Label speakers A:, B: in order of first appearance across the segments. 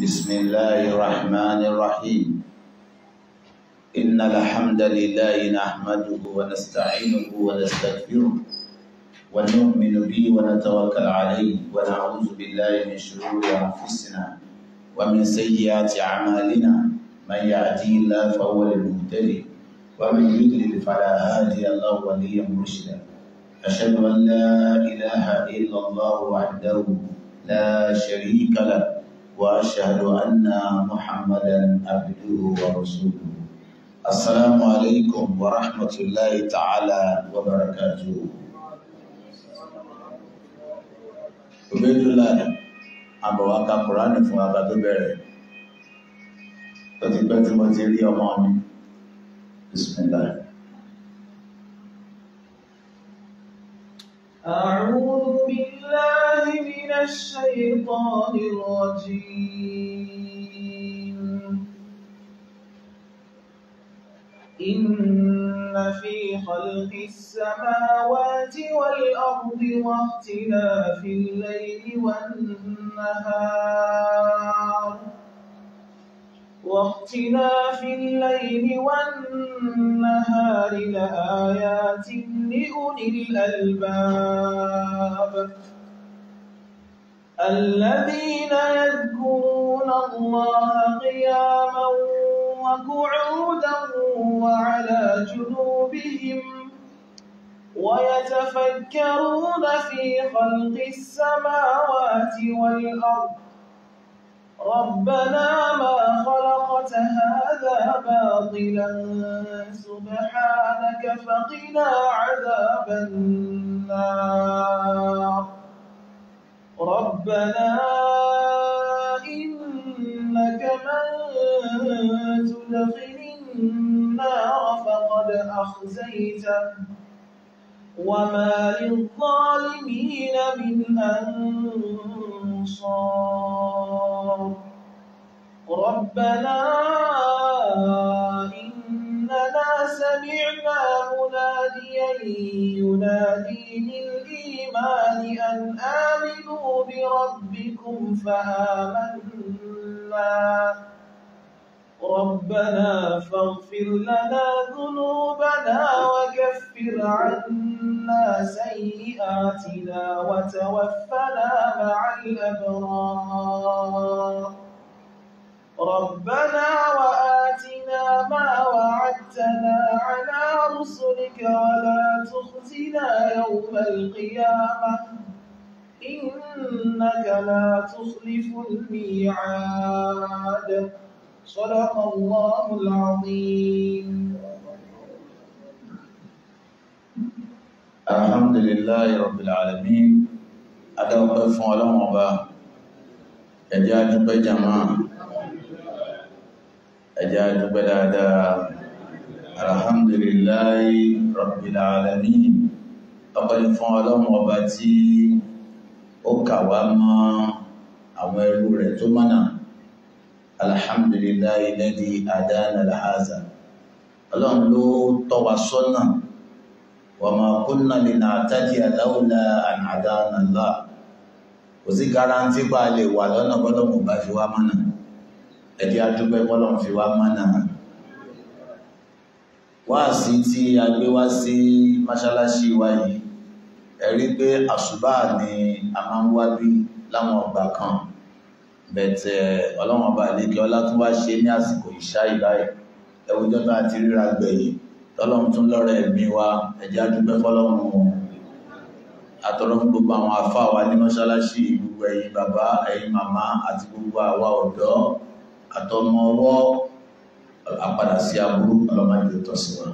A: بسم الله الرحمن الرحيم إن الحمد لله نحمده ونستعينه ونستغفره ونؤمن به ونتوكل عليه ونعوذ بالله من شرور أنفسنا ومن سيئات أعمالنا من يهدي الله فهو المهتدي ومن يضلل فلا هادي الله وليا مرشدا أشهد أن لا إله إلا الله وحده لا شريك له واشهد ان محمدا عبده ورسوله السلام عليكم ورحمه الله تعالى وبركاته عبيد الله ابو عكا قران فوالا دبر
B: بسم الله أعوذ بالله من الشيطان الرجيم إن في خلق السماوات والأرض واختلاف الليل والنهار واختلاف الليل والنهار لآيات لأولي الألباب الذين يذكرون الله قياما وقعودا وعلى جنوبهم ويتفكرون في خلق السماوات والأرض ربنا ما خلقت هذا باطلا سبحانك فقنا عذاب النار ربنا إنك من تدخل النار فقد أخزيته وما للظالمين من أنصار ربنا إننا سمعنا مناديا ينادي للإيمان أن آمنوا بربكم فآمنا ربنا فاغفر لنا ذنوبنا وكفر عنا سيئاتنا وتوفنا مع الأبرار ربنا وآتنا ما وعدتنا على رسلك ولا تخزنا يوم القيامة إنك لا تخلف الميعاد صدق الله العظيم
A: الحمد لله رب العالمين أدعو قفوا لهم أبا جماعة ẹjá dúpẹ́ dáadáa alhamdulillahi rabbil alamin ọpẹ́lú fún ọlọ́run ọba tí ó kàwá mọ́ àwọn ẹrú rẹ̀ tó mọ́nà alhamdulillahi lẹ́dí àdáná làhásà ọlọ́run ló tọ́ wa sọ́nà wa ma kunna linahtadiya lawla an hadana Allah kò sí garanti bá a lè wà lọ́nà bọ́lọ́mù bá fi wá mọ́nà ẹ̀dí adúgbẹ́ bọ́lọ̀ fi wá mọ́nà wáàsí tí a gbé wá sí mọ́ṣáláṣí wa yìí ẹ̀rí pé àṣùbà ni a máa ń wá bí láwọn ọgbà kan bẹ̀tẹ̀ eh, ọlọ́wọ́n ọba àlékè ọlá tún wá ṣe ní àsìkò ìṣá ìbáyìí ẹwùjọ́ tá a ti ríra gbẹ̀yìn tọ́lọ́run tún lọ́rọ̀ ẹ̀mí wa ẹ̀jẹ̀ adúgbẹ́ fọ́lọ́run wọn àtọ́rọ́ fún gbogbo àwọn afá wa ní mọ́ṣáláṣí gbogbo ẹ̀yin bàbá ẹ̀yin màmá àti gbogbo àwa ọ̀dọ́ àtọmọ ọwọ́ àpadà sí aburú ọlọ́mọdé tọ́ sí wa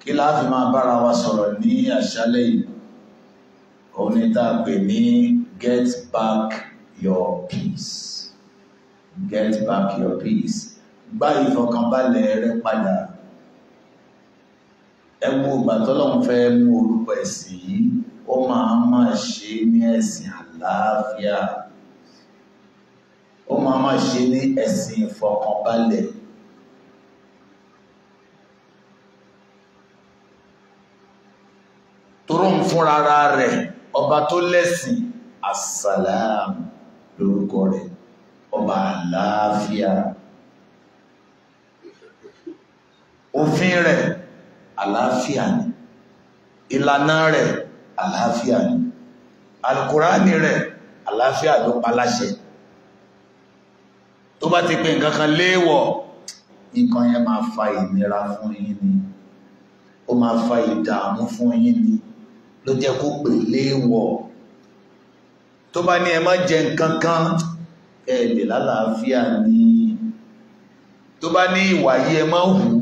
A: kí láàfi máa bára wa sọ̀rọ̀ ní àṣálẹ́ yìí òun ni tá a pè ní get back your peace get back your peace gbá ìfọkànbalẹ̀ rẹ padà ẹ wo ìgbà tọ́lọ́run fẹ́ mú orúkọ ẹ̀sìn yìí ó máa máa ṣe ní ẹ̀sìn àlàáfíà wọn a máa ṣe ní ẹ̀sìn ìfọkànbalẹ̀ torún fúnra rẹ̀ ọba tó lẹ́sìn asàlám lórúkọ rẹ̀ ọba àlàáfíà òfin rẹ̀ àlàáfíà ni ìlànà rẹ̀ àlàáfíà ni alukurani rẹ̀ àlàáfíà ló paláṣẹ tó bá ti pè nǹkan kan léèwọ̀ nǹkan yẹn máa fa ìnira fún yín ni ó máa fa ìdààmú fún yín ni ló jẹ́ kó pè léèwọ̀ tó bá ní ẹ má jẹ nǹkan kan ẹ lè lálàáfíà ni tó bá ní ìwà yìí ẹ má hù ú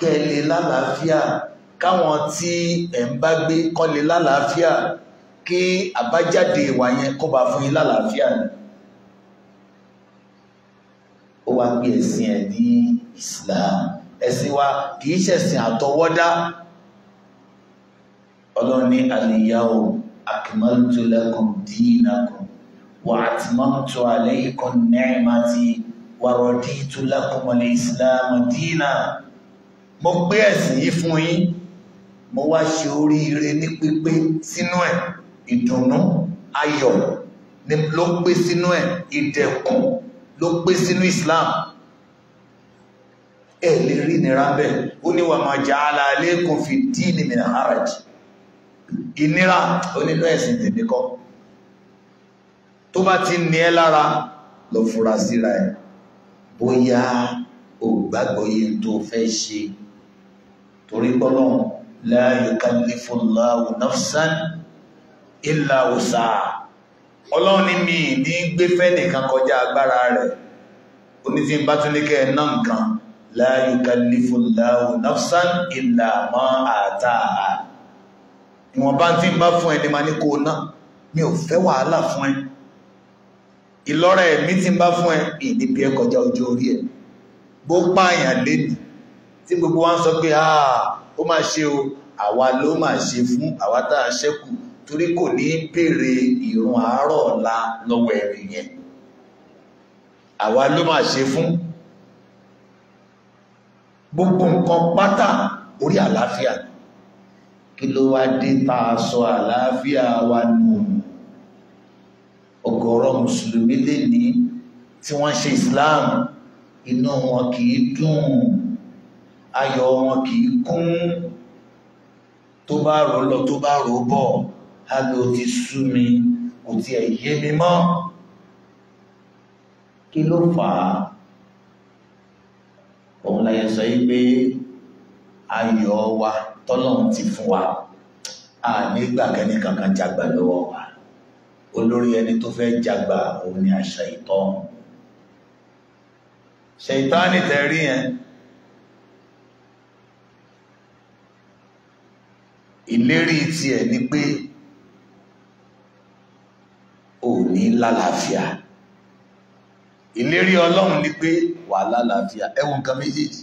A: kẹ́ ẹ lè lálàáfíà káwọn tí ẹ̀ ń bá gbé kọ́ lè lálàáfíà kí àbájáde ìwà yẹn kó bá fún yín lálàáfíà ni ó wá gbé ẹ̀sìn ẹ̀ ní Islam ẹ̀sìn wa kì í ṣẹ̀sìn àtọwọ́dá ọlọ́run ní àlìyáwó akmaltu lakum dinakum wa atmamtu alaykum ni'mati wa raditu lakum al-islam dina mo gbé ẹ̀sìn yìí fún yín mo wá ṣe oríire ní pípé sínú ẹ̀ ìdùnnú ayọ̀ ló pé sínú ẹ̀ ìdẹ̀kùn ló pé sínú Islam ẹ lè rí nira bẹ́ẹ̀ ó ní wà máa jà ala alaykum fi dini min haraj ìnira onínú ẹ̀sìn tèmi kọ́ tó bá ti ní ẹ lára lọ fura síra ẹ bóyá o gbàgbọ́ tó fẹ́ ṣe torí gbọ́lọ́hùn la yukallifu Allahu nafsan illa wusaha ọlọ́run ní mi ní gbé fẹ́ nìkan kọjá agbára rẹ̀ onífin bá tún ní kẹ́ ẹ̀ náà nǹkan la yukallifullahu nafsan illa ma ataha ìwọ̀n bá tí ń bá fún ẹni ma ní kó náà mi ò fẹ́ wàhálà fún ẹ ìlọ́rẹ̀ mi tí ń bá fún ẹ ìdíbi ẹ kọjá ojú orí ẹ bó pààyàn lẹ́nu tí gbogbo wa ń sọ pé ó máa ṣe o àwa ló máa ṣe fún àwa tá a ṣẹ́kù torí kò ní béèrè ìrun àárọ̀ ọ̀la lọ́wọ́ ẹ̀rì yẹn àwa ló máa ṣe fún gbogbo nǹkan pátá orí àlàáfíà kí ló wá dé tá a sọ àlàáfíà wa nù ọ̀gọ̀rọ̀ mùsùlùmí lè ní tí wọ́n ṣe Islam inú wọn kì í dùn ayọ̀ wọn kì í kún tó bá rò lọ tó bá rò bọ̀ àbẹ̀ ò ti sú mi kò ti ẹ̀yẹ mi mọ́ kí ló fà á òun láyé sọ yí pé ayọ̀ wa tọ́lọ́run ti fún wa a nígbà kẹ́ni kankan jágbà lọ́wọ́ wa olórí ẹni tó fẹ́ jágbà òun ni àṣà ìtọ́n ṣèitánì tẹ̀rí yẹn ìlérí tiẹ̀ ni pé ò ní lálàáfíà ìlérí ọlọ́run ni pé wà lálàáfíà ẹ wo nǹkan méjèèjì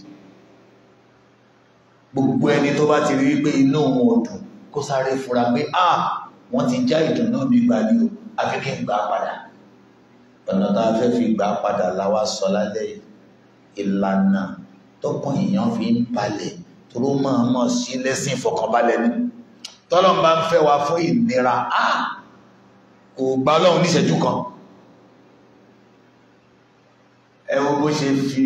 A: gbogbo ẹni tó bá ti rí wípé inú òun ọdún kó sáré fura pé à wọ́n ti já ìdùnnú mi gbà ní o àfi kí n gbà padà ọ̀nà tá a fẹ́ fi gbà padà láwa sọ lálẹ́ ìlànà tọkàn èèyàn fi ń balẹ̀ tóró máa mọ̀ sí lẹ́sìn ìfọkànbalẹ̀ ni tọ́lọ́n bá ń fẹ́ wa fún ìnira kò gba ọlọ́run níṣẹ́jú kan ẹ wo bó ṣe fi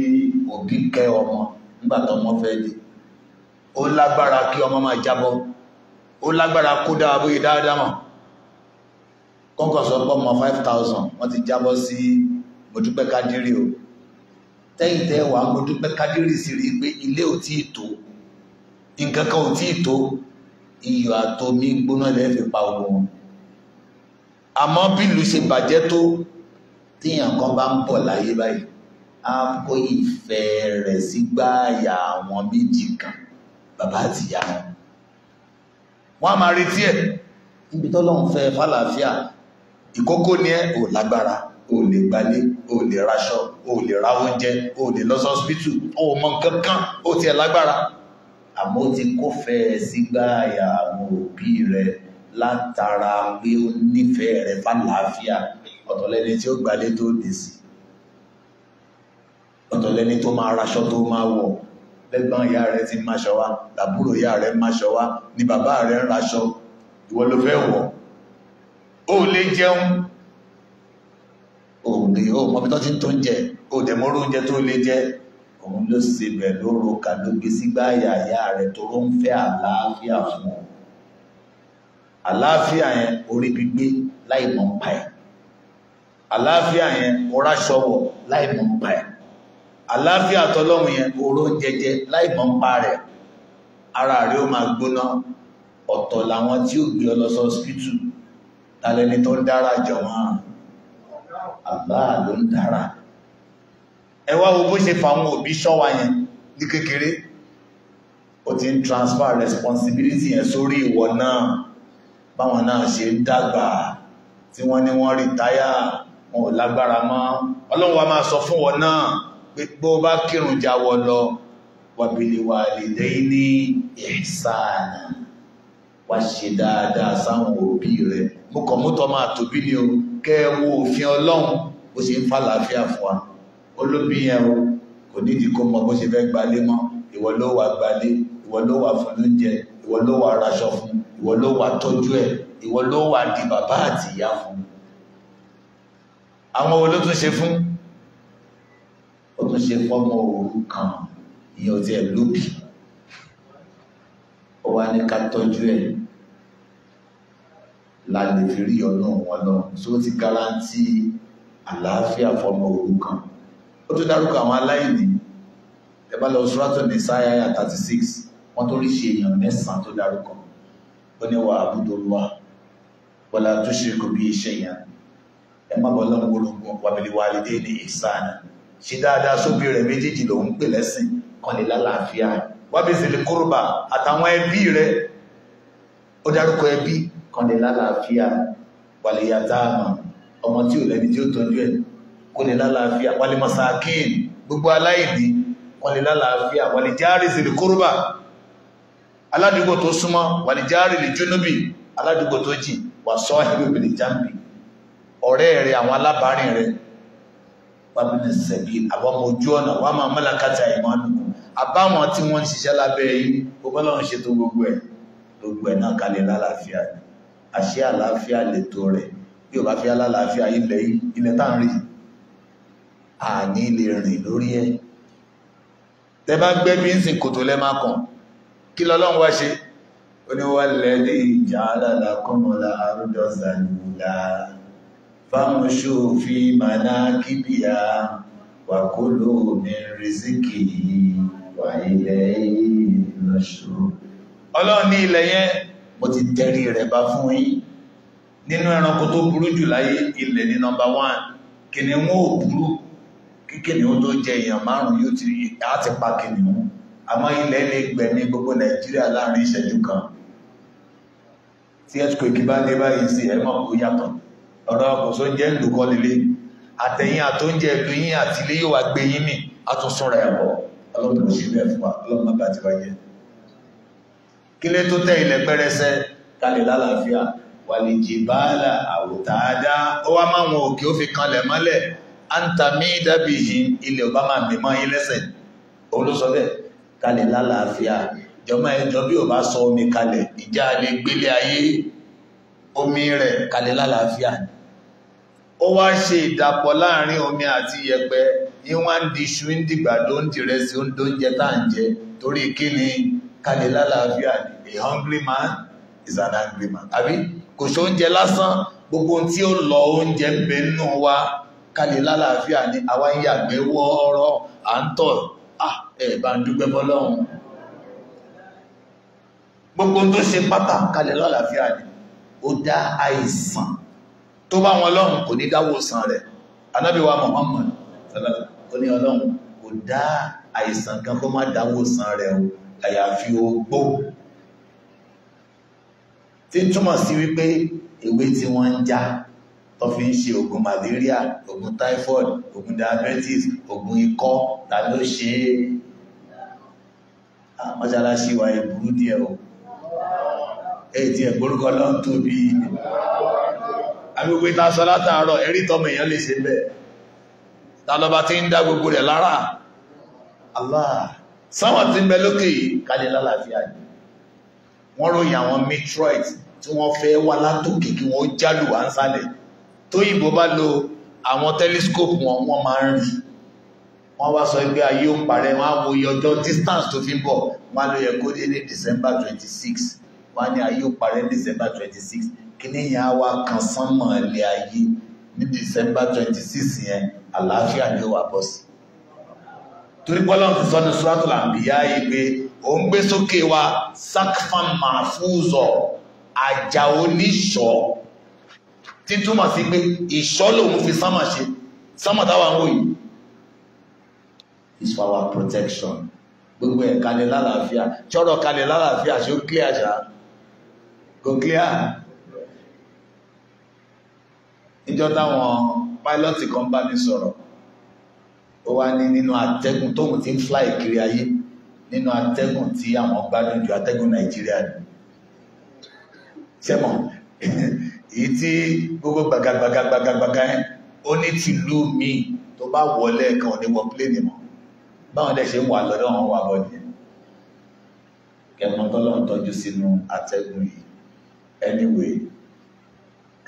A: òbí kẹ ọmọ nígbà tó ọmọ fẹ́ dé ó lágbára kí ọmọ máa jábọ́ ó lágbára kó dáa bóyá dáadáa mọ̀ kọ́kọ́ sọ pé ọmọ five thousand wọ́n ti jábọ́ sí mojúpẹ́ kádírì o tẹ́yìn tẹ́ wàá mojúpẹ́ kádírì sì rí i pé ilé ò tí ì tó nǹkan kan ò tí ì tó iyọ̀ àtomi gbóná lẹ́ẹ̀ fi pa owó wọn àmọ́ bí ìlú ṣe bàjẹ́ tó tíyàn kan bá ń bọ̀ láyé báyìí á kó ìfẹ́ rẹ̀ sí gbáàyà àwọn méjì kan bàbá àti wọn wọn a máa retí ẹ̀ níbi tọ́lọ́run fẹ́ fàlàáfíà ìkókó ni ẹ ò lágbára o lè gbalé o lè raṣọ o lè ra oúnjẹ o lè lọ sọ́spítù o mọ nǹkan kan o tiẹ̀ lágbára àmọ́ o ti kófẹ́ sí gbáàyà àwọn òbí rẹ̀ látara pé ó nífẹ̀ẹ́ rẹ̀ fàlàáfíà ọ̀tọ̀lẹ́ni tí ó gbalé tó dé sí ọ̀tọ̀lẹ́ni tó máa raṣọ tó máa wọ̀ lẹ́gbọ́n ìyá rẹ̀ ti máṣọ wá làbúrò ìyá rẹ̀ máṣọ wá ni bàbá rẹ̀ ń raṣọ ìwọ ló fẹ́ wọ̀ ó lè jẹun òní ó mọ̀bí tó ti tó ń jẹ ó dẹ̀ mọ́rú oúnjẹ tó lè jẹ òun ló ṣe bẹ̀ lóru kà ló gbé sígbà àyà ìyá rẹ̀ tó ń fẹ́ àlàáfíà fún ọ àlàáfíà yẹn orí gbígbé láì mọ̀ ń pa ẹ̀ àlàáfíà yẹn ọ̀rá ṣọwọ̀ láì mọ̀ ń pa ẹ̀ àlàáfíà tọlọ́run yẹn oró ń jẹjẹ láì mọ̀ ń pa rẹ̀ ara rẹ̀ ó máa gbóná ọ̀tọ̀ làwọn tí ó gbé ọ lọ sọ́spítù tàlẹ́ni tó ń dára jọ̀wọ́n Allah ló ń dára ẹ wá wo bó ṣe fàwọn òbí ṣọ́wa yẹn ní kékeré ó ti ń transfer responsibility yẹn sórí ìwọ náà báwọn náà ṣe ń dàgbà tí wọ́n ní wọ́n rìtáyà wọn ò lágbára mọ́ ọlọ́run wa máa sọ fún wọn náà pé bó bá kírun jáwọ́ lọ wàbìlì wà lèdè ní ìsànà wá ṣe dáadáa sáwọn òbí rẹ̀ mú kàn mú tọ́ tóbi ní o kẹ́ òfin ọlọ́run ó ṣe ń fàlàáfíà fún wa olóbi yẹn o kò nídìí kó mọ bó ṣe fẹ́ gbalé mọ́ ìwọ ló wà gbalé ìwọ ló wà fún lóúnjẹ ìwọ ló wà raṣọ fún ìwọ ló wà tọ́jú ẹ̀ ìwọ ló wà di bàbá àti ìyá fún àwọn wo ló tún ṣe fún ó tún ṣe fọ́mọ òrukàn ìyẹn ò tiẹ̀ lóbi ó wá ní ká tọ́jú ẹ̀ la lè fi rí ọ̀nà wọn lọ tí ó ti garanti àlàáfíà fọ́mọ òrukàn ó tún dárúkọ àwọn aláìní ẹ bá lọ Suratul Nisa àyà 36 wọ́n tó rí ṣe èèyàn mẹ́sàn-án tó dárúkọ ó ní wà abudullah wala tushriku bihi shay'an ẹ má bọ́ lọ́nà gbogbo wa bil walidayni ihsana ṣe dáadáa sóbí rẹ̀ méjèèjì ló ń pè lẹ́sìn kan lè lálàáfíà wa bi zil qurba àtàwọn ẹbí rẹ̀ ó dárúkọ ẹbí kan lè lálàáfíà wal yatama ọmọ tí ò lẹ́ni tí ó tọ́jú ẹ̀ kó lálàáfíà wal masakin gbogbo aláìní kan lè lálàáfíà wal jari zil qurba aládùúgbò tó súnmọ́ wà ní jáàrì lè jónúbì aládùúgbò tó jì wà sọ ìwé òbí jáǹbì ọ̀rẹ́ rẹ̀ àwọn alábàárìn rẹ̀ wàbílẹ̀ sẹ̀bí àwọn ọmọ ojú ọ̀nà wà máa mọ́lákàtà ìmọ̀ àdùnkù àbáwọn tí wọ́n ń ṣiṣẹ́ lábẹ́ yìí gbogbo náà ń ṣètò gbogbo ẹ̀ gbogbo ẹ̀ náà kalẹ̀ lálàáfíà àṣẹ àlàáfíà lètò rẹ̀ bí o bá fi alálàáfíà ilẹ̀ ilẹ̀ tá ń rí àní lè rìn lórí ẹ̀ tẹ bá gbẹ́ bí ń sìn kòtò lẹ́ máa kàn kí lọ́lọ́run wá ṣe ó ní wà lẹ́lẹ́ ìjà alára kọmọlá àrùjọ sàlùlá fámúṣù fi màná kíbíà wà kó ló mi rìsíkì wà ilẹ̀ ìlọ́ṣù ọlọ́run ní ilẹ̀ yẹn mo ti tẹ́rí rẹ̀ bá fún yín nínú ẹranko tó burú jù láyé ilẹ̀ ní nọmba wán kìnìún ò burú kí tó jẹ èèyàn márùn-ún yóò ti àti pa kìnìún àmọ́ ilẹ̀ lè gbẹ̀mí gbogbo nàìjíríà láàrin ìṣẹ́jú kan tí earthquake bá dé báyìí sí ẹ̀mọ́ kò yàtọ̀ ọ̀rọ̀ ọkọ̀ tó ń jẹ́ ìlú kọ́ lílé àtẹ̀yìn àtóúnjẹ ìlú yín àti ilé yóò wá gbé yín mì àtúnṣún rẹ̀ bọ̀ ọlọ́run ṣì bẹ́ẹ̀ fún wa ọlọ́run bá ti wáyé kílé tó tẹ́ ilẹ̀ pẹ́rẹsẹ kalẹ̀ lálàáfíà wàlìjì báàlà àwòtàádá ó wá máa òkè ó fi kanlẹ̀ mọ́lẹ̀ àǹtàmí dàbí ilẹ̀ ọba máa mímọ́ yín lẹ́sẹ̀ òun ló sọ bẹ́ẹ̀ kalẹ̀ lálàáfíà jọmọ ẹjọ́ bí ò bá sọ omi kalẹ̀ ìjà lè gbélé ayé omi rẹ̀ kalẹ̀ lálàáfíà ni ó wá ṣe ìdàpọ̀ láàrin omi àti yẹ̀pẹ̀ ìwọ̀n ń di iṣu ń dìgbàdo ń di rẹsì ń dóúnjẹ tá à ń jẹ torí kí kalẹ̀ lálàáfíà ni a hungry man is an angry man àbí kò ṣe oúnjẹ lásán gbogbo tí ó lọ oúnjẹ ń bẹ nínú wa kalẹ̀ lálàáfíà ni àwa ń yàgbẹ́ wọ́ọ́rọ́ à ń tọ̀ ẹ̀bá ń dúpẹ́ bọ́lọ́run gbogbo tó ṣe pátá kalẹ̀ lọ́làáfíà ni ó dá àìsàn tó bá wọn lọ́run kò ní dáwòsàn rẹ̀ anábíwá Muhammad ó ní ọlọ́run kò dá àìsàn kan kó má dáwòsàn fi ń ṣe oògùn malaria oògùn typhoid oògùn diabetes oògùn ikọ́ ta ló ṣe é Ah, mọ́ṣáláṣí wa yẹ burú díẹ̀ o ètì ẹ̀gbórúkọ lọ tó bí agbègbè tásọ látàárọ̀ ẹ̀rí tọmọ èèyàn lè ṣe bẹ́ẹ̀ tàlọba tí ń dá gbogbo rẹ̀ lára Allah sáwọn tí ń bẹ lókè kalẹ̀ lálàáfíà yìí wọ́n ròyìn àwọn metroid tí wọ́n fẹ́ wá látòkè kí wọ́n jálù wá ń sálẹ̀ tóyìnbó bá lo àwọn telescope wọn wọ́n máa ń rí wọ́n wá sọ pé ayé ó parẹ́ wọ́n á wo iye distance tó fi ń bọ̀ wọ́n á lọ yẹ kó dé ní December twenty six wọ́n á ní ayé ó parẹ́ December twenty six kíní yẹn á wá kan sánmọ̀ ilẹ̀ ayé ní December twenty six yẹn àlàáfíà ni ó wà bọ́ sí. torí bọ́lá ti sọ ní suratul Anbiya yìí pé ó ń gbé sókè wa sakfan mahfuzo àjà oníṣọ́ títúmọ̀ sí pé ìṣọ́ lòun fi sánmà ṣe sánmà táwa ń wò yìí is for our protection gbogbo ẹ̀ kalẹ̀ lálàáfíà ṣọ́rọ̀ kalẹ̀ lálàáfíà ṣó clear ṣá kò clear níjọ́ táwọn pilot kan bá mi sọ̀rọ̀ ó wá ní nínú atẹ́gùn tóun ti ń fly kiri ayé nínú atẹ́gùn tí àwọn gbádùn ju atẹ́gùn nàìjíríà ni sẹ́mọ̀ èyí tí gbogbo gbàgàgbàgàgbàgàgbàgà ẹ̀ ó ní tìlú mi tó bá wọlé ẹ̀kan ò ní wọ pléènì mọ́ báwọn dẹ̀ ṣe ń wà lọ́dọ̀ wọn wà bọ́dì kẹmọ́n tọ́lọ́ ń tọ́jú sínú atẹ́gùn yìí anyway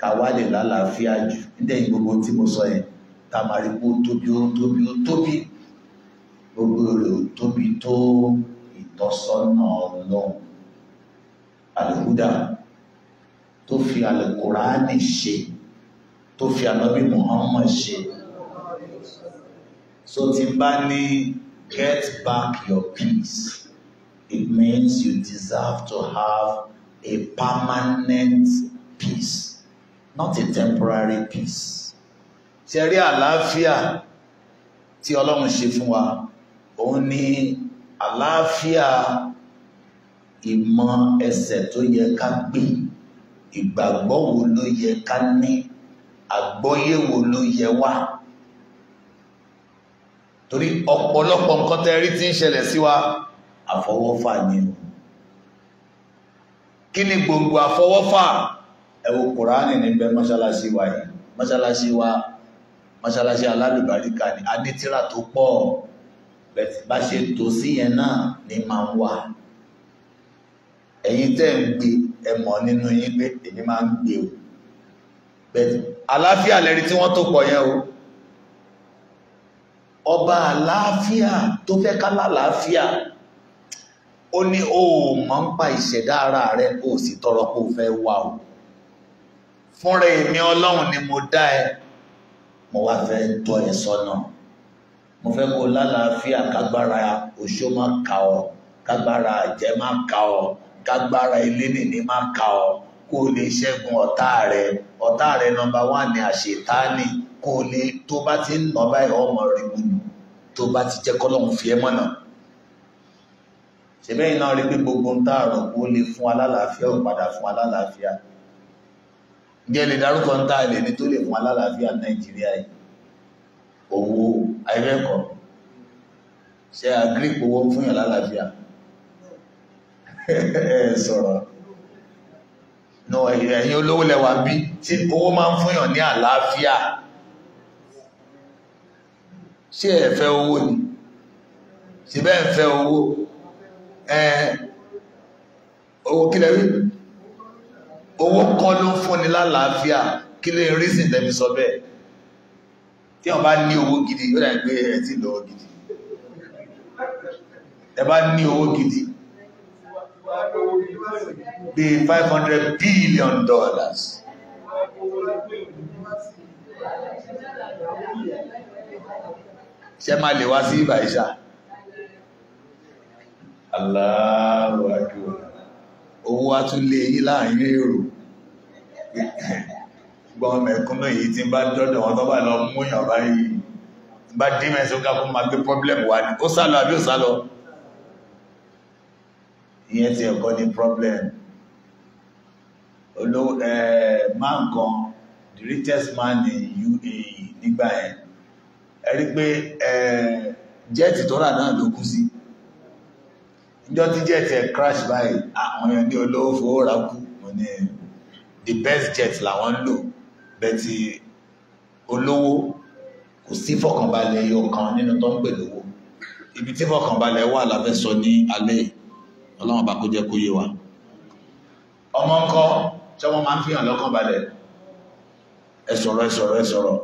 A: káwá lè lálàáfíà jù nídẹ̀yìn gbogbo tí mo sọ yẹn tá a máa rí pé ó tóbi ó tóbi ó tóbi gbogbo rẹ̀ ó tóbi tó ìtọ́sọ́nà ọlọ́run àlùkúdà tó fi àlùkùránì ṣe tó fi ànábì Muhammad ṣe so ti bá ní get back your peace. It means you deserve to have a permanent peace, not a temporary peace. Ṣé rí àlàáfíà tí Ọlọ́run ṣe fún wa? Òun ni àlàáfíà ìmọ̀ ẹsẹ̀ tó yẹ ká gbé, ìgbàgbọ́ wo ló yẹ ká ní, àgbọ́yé wo ló yẹ wá torí ọ̀pọ̀lọpọ̀ nǹkan tẹ́ rí tí ń ṣẹlẹ̀ sí wa àfọwọ́fà ni o kí ni gbogbo àfọwọ́fà ẹ wo kùránì níbẹ̀ mọ́ṣáláṣí wa yìí mọ́ṣáláṣí wa mọ́ṣáláṣí alálùbáríkà ni adétírà tó pọ̀ bẹ̀tì bá ṣe tó sí yẹn náà ni máa ń wà ẹ̀yin tẹ́ ń gbé ẹ̀mọ́ nínú yín pé èmi máa ń gbé o bẹ̀tì àlàáfíà lẹ́rí tí wọ́n tó pọ̀ yẹn o ọba àlàáfíà tó fẹ́ ká lálàáfíà ó ní o ò mọ̀ ń pa ìṣẹ̀dá ara rẹ o sì tọrọ kó fẹ́ wà o fúnra èmi ọlọ́run ni mo dá ẹ mo wá fẹ́ tọ́ ẹ sọ́nà mo fẹ́ kó lálàáfíà kágbára oṣó má ka ọ kágbára àjẹ́ má ka ọ kágbára elénìní má ka ọ kó o lè ṣẹ́gun ọ̀tá rẹ ọ̀tá rẹ nọ́mbà wà ní àṣetáàní kó o lè tó bá ti ń nọ́ báyìí ọmọ rẹ gbùdù tó bá ti jẹ́ kọ́lọ́hún fi ẹ́ mọ̀nà ṣèbẹ́yìn náà rí pé gbogbo ń tààrọ̀ kó lè fún alálàáfíà ò padà fún alálàáfíà jẹ́ lè dárúkọ ń tàà lè ní tó lè fún alálàáfíà nàìjíríà yìí owó ayẹ́kọ̀ ṣe àgírípò owó fún yàn lálàáfíà sọ̀rọ̀ ẹ̀yìn olówó lẹ́wà bí tí owó máa ń fún yàn ní àlàáfíà ṣé ẹ fẹ́ owó ni ṣé bẹ́ẹ̀ fẹ́ owó ẹ owó kílẹ̀ rí owó kọ́ ló ń fúnni lálàáfíà kí ló ń rí sí tẹ̀mí sọ bẹ́ẹ̀ tí wọ́n bá ní owó gidi ó dà gbé ẹ̀ tí lọ́wọ́ gidi ẹ bá ní owó gidi bí five hundred billion dollars ṣe máa lè wá sí ìbàìṣà Allahu Akbar owó wá tún lé yí láàrin èrò gbọ́n mẹ̀kúnnù yìí tí bá dọ́dọ̀ wọn tó bá lọ mú yàn bá rí bá dí mẹ́sọ́gá fún ma gbé pọ́blẹ̀mù wá ní ó sálọ àbí ó sálọ ìyẹn ti ẹ̀kọ́ ní pọ́blẹ̀mù olówó ẹ̀ẹ́ máa nǹkan the richest man in UAE nígbà yẹn ẹ̀rí pé jẹ́ẹ̀tì tó rà náà ló kú sí ìjọ tí jẹ́ẹ̀tì ẹ̀ crash báyìí àwọn èèyàn ní olówó fowó ra kú wọn ni the best jet làwọn ń lò bẹ́ẹ̀tì olówó kò sí fọkànbalẹ̀ yóò kan nínú tó ń pè lówó ibi tí fọkànbalẹ̀ wà la fẹ́ sọ ní alẹ́ ọlọ́run bá kó jẹ́ kó yé wa ọmọ ńkọ́ tí ọmọ máa ń fi hàn lọ́kànbalẹ̀ ẹ sọ̀rọ̀ ẹ sọ̀rọ̀ ẹ sọ̀rọ̀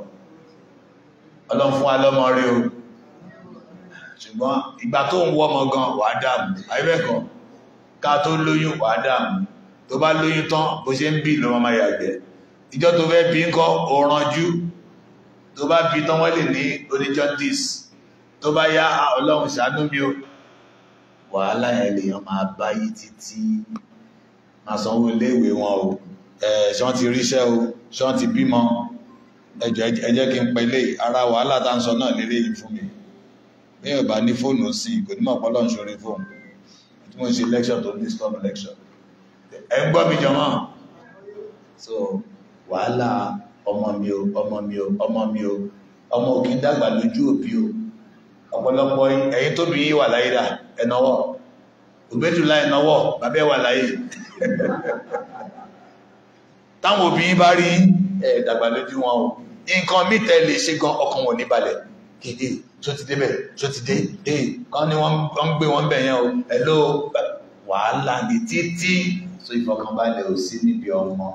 A: ọlọ́run fún wa lọ́mọ rí o ṣùgbọ́n ìgbà tó ń wọ́mọ gan wà dáàmù àìbẹ́kọ̀ ká tó lóyún wà dáàmù tó bá lóyún tán bó ṣe ń bí ló máa yàgbẹ́ ìjọ tó fẹ́ bí ń kọ́ òranjú tó bá bí tán wọ́n lè ní oníjọ́ndìs tó bá yá ọlọ́run ṣàánú mi o wàhálà yẹn lèèyàn máa bá yí títí máa sanwó iléèwé wọn o ṣé wọ́n ti ríṣẹ́ o ṣé wọ́n ti bímọ ẹjọ́ ẹjẹ́ kí n pẹ̀lẹ́ ara wàhálà tá à ń sọ náà lérè yìí fún mi bí yóò bá ní fóònù sí i kò ní mọ̀ pọ́lọ́ ń ṣorí fóònù tí mo ṣe lecture tó disturb lecture ẹ gbọ́ mi jọmọ́ so wàhálà ọmọ mi o ọmọ mi o ọmọ mi o ọmọ òkè dàgbà lójú òbí o ọ̀pọ̀lọpọ̀ ẹ̀yin tóbi yìí wà láyé rà ẹ̀nàwọ́ òbẹ́tùlá ẹ̀nàwọ́ bàbá ẹ̀ wà láyé táwọn òbí yìí bá rí ẹ̀ dàgbà lójú wọn o nǹkan mi tẹ́ lè ṣe gan ọkàn wọn ní balẹ̀ kéde tó ti débẹ̀ tó ti dé ee kan ni wọ́n ń gbé wọn bẹ̀ yẹn o hello wàhálà ní títí so ìfọkànbalẹ̀ ò sí níbi ọmọ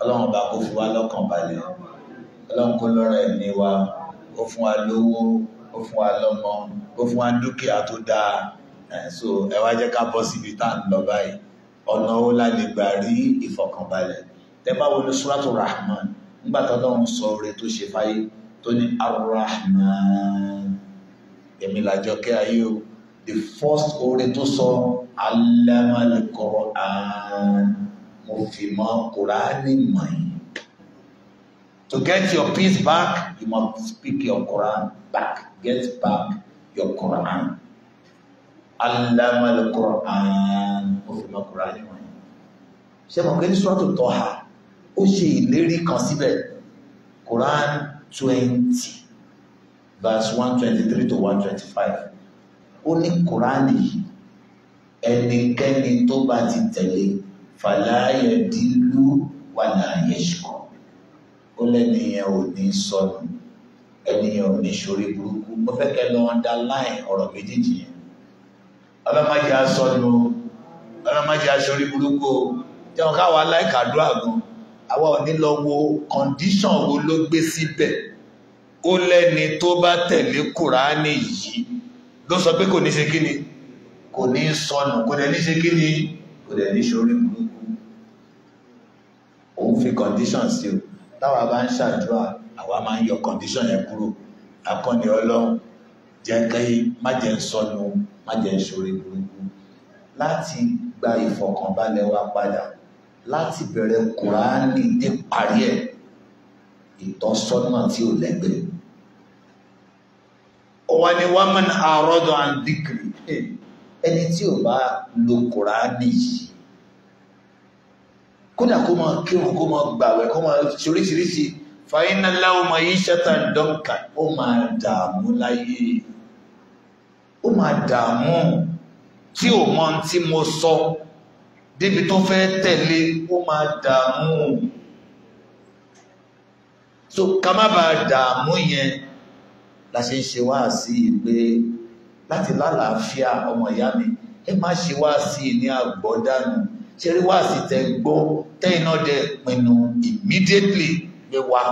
A: ọlọ́run bá kó fún wa lọ́kàn balẹ̀ ọlọ́run kó lọ́rọ̀ ẹ̀mí wa ó fún wa lówó ó fún wa lọ́mọ ó fún wa dúkìá tó dáa so ẹ wá jẹ́ ká bọ́ síbi tá à ń lọ báyìí ọ̀nà ó lálẹ́ gbà rí ìfọkànbalẹ̀ tẹ́ bá wo suratu rahman nígbà tó lọ́n sọ rẹ̀ tó ṣe fáyé tó ní arahman èmi làjọ kí ayé o the first orin tó sọ allamal Qur'an mo fi mọ kuraani mọ̀ yìí to get your peace back you must speak your Qur'an back get back your Qur'an allamal Qur'an mo fi mọ kuraani mọ̀ yìí ṣé mo kí ni sọ́tò tọ́ ha ó ṣe ìlérí kan síbẹ̀ Quran twenty verse one twenty three to one twenty five ó ní Quran yìí ẹnikẹ́ni tó bá ti tẹ̀lé fàlàyé dìlú wà láàyè ṣùkọ́ ó lẹ́ni yẹn ò ní sọnù ẹni yẹn ò ní ṣorí burúkú mo fẹ́ kẹ́ lọ underline ọ̀rọ̀ méjèèjì yẹn ọlọ́mọdé asọnù ọlọ́mọdé aṣorí burúkú jẹun káwa láìka dúrà gan àwa ò ní lọ wo condition wo ló gbé síbẹ̀ ó lẹ́ni tó bá tẹ̀lé kùránì yìí ló sọ pé kò ní ṣe kí ni kò ní sọnù kò dẹ̀ ní ṣe kí ni kò dẹ̀ ní ṣorí burúkú òun fi condition sí o táwa bá ń ṣàdúrà àwa máa ń yọ condition yẹn kúrò akọni ọlọ́run jẹ́ kí má jẹ́ ń sọnù má jẹ́ ń ṣorí burúkú láti gba ìfọ̀kànbalẹ̀ wa padà láti bẹ̀rẹ̀ kùránì dé parí ẹ̀ ìtọ́sọ́nà tí ò lẹ́gbẹ̀ẹ́ wọ́n ni wọ́n mọ̀ àrọ́dọ̀ àndìkìrì ẹni tí ò bá lo kùránì yìí kódà kó máa kírun kó máa gbàwẹ̀ kó máa ṣoríṣiríṣi fàyínà láwọmọ yìí ṣẹta dọ́ǹkà ó máa dààmú láyé ó máa dààmú tí ò mọ tí mo sọ. So débi tó fẹ́ tẹ̀lé ó máa dààmú so ká má bàa dààmú yẹn la ṣe ń ṣe wá sí i pé láti lálàáfíà ọmọ ìyá mi ẹ má ṣe wá sí i ní àgbọ̀dánù ṣe rí wá sí tẹ gbọ́ tẹ́yìn náà dẹ pinnu immediately gbé wa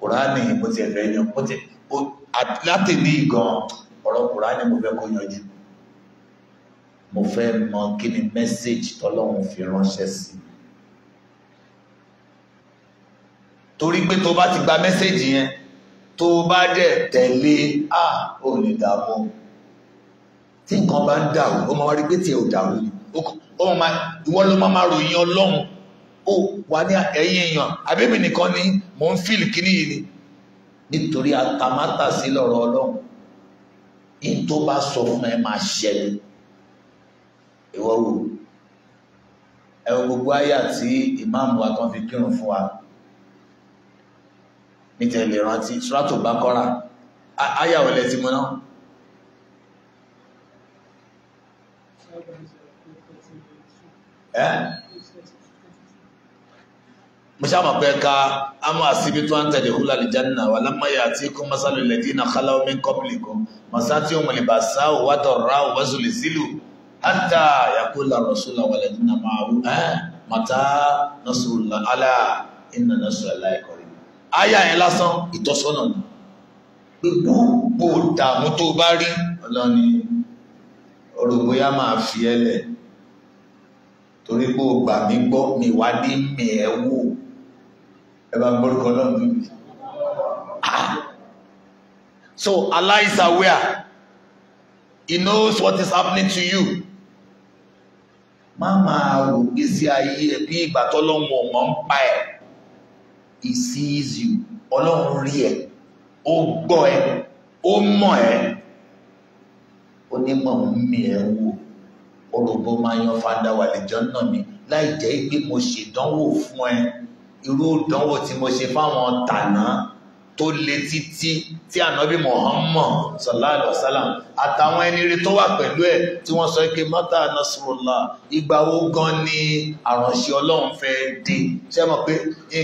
A: kùránì mo ti ẹ̀fẹ́ yan mo ti láti ní gan ọ̀rọ̀ kùránì mo fẹ́ kó yanjú mo fẹ́ mọ kí ni mẹ́sẹ̀gì tọ́lọ́run fi ránṣẹ́ sí mi torí pé tó bá ti gba mẹ́sẹ̀gì yẹn tó bá dẹ̀ tẹ̀lé à ó lè dààmú tí nǹkan bá ń dàrú ó máa wá rí pé tiẹ̀ ò dàrú ni ìwọ ló máa máa ròyìn ọlọ́run ó wà ní ẹ̀yìn èèyàn àbẹ́mi nìkan ni mò ń fìlì kíní yìí ni nítorí atamátàsí lọ́rọ̀ ọlọ́run ní tó bá sọ fún ẹ máa ṣẹlẹ̀ ìwọ wò ẹ gbogbo àyà tí ìmáàmù wa kan fi kírun fún wa nítẹ̀lẹ̀ rántí ṣúrátò bá kọ́ra àyà ọ̀lẹ̀ tí mo náà ẹ́ mo ṣáà mọ̀ pé ká a máa síbi tó ń tẹ̀lé húlà lè jánà wà lámáyà àti ikú masalu lẹ́dí na khalao min qablikum masá tí ó mọ̀lẹ̀ bá sáà wà dọ̀rọ̀ wà zùlẹ̀ sílù hatta yakula rasula walladhina ma'ahu eh, mata nasrullah ala inna nasrallahi الله àyà yẹn lásán ìtọ́sọ́nà ni gbogbo dààmú tó bá rí ọlọ́ni orògbóyá máa fi ẹ́ lẹ̀ torí pé o gbà mí gbọ́ mi wá ní mi ẹ̀ wò ẹ bá gbórúkọ náà níbi. Ah! so aláìsàwẹ́à. He knows what is happening to you. Má máa wò gbèsè ayé ẹ bí ìgbà tọ́lọ́run ọ̀mọ́ ń pa ẹ̀. He sees you. Ọlọ́run rí ẹ̀. Ó gbọ́ ẹ̀. Ó mọ̀ ẹ̀. Onímọ̀ ń mi ẹ̀ wò. Orògbó máa yan fanda wà lè jọ náà mi láì jẹ́ pé mo ṣèdánwò fún ẹ. Irú ìdánwò tí mo ṣe fáwọn tànà tó le títí tí ànábì Muhammad sallallahu alaihi wasallam àtàwọn ẹni rí tó wà pẹ̀lú ẹ̀ tí wọ́n sọ pé mata nasrullah ìgbà wo gan ni àránṣẹ́ ọlọ́run fẹ́ dé ṣé mọ̀ pé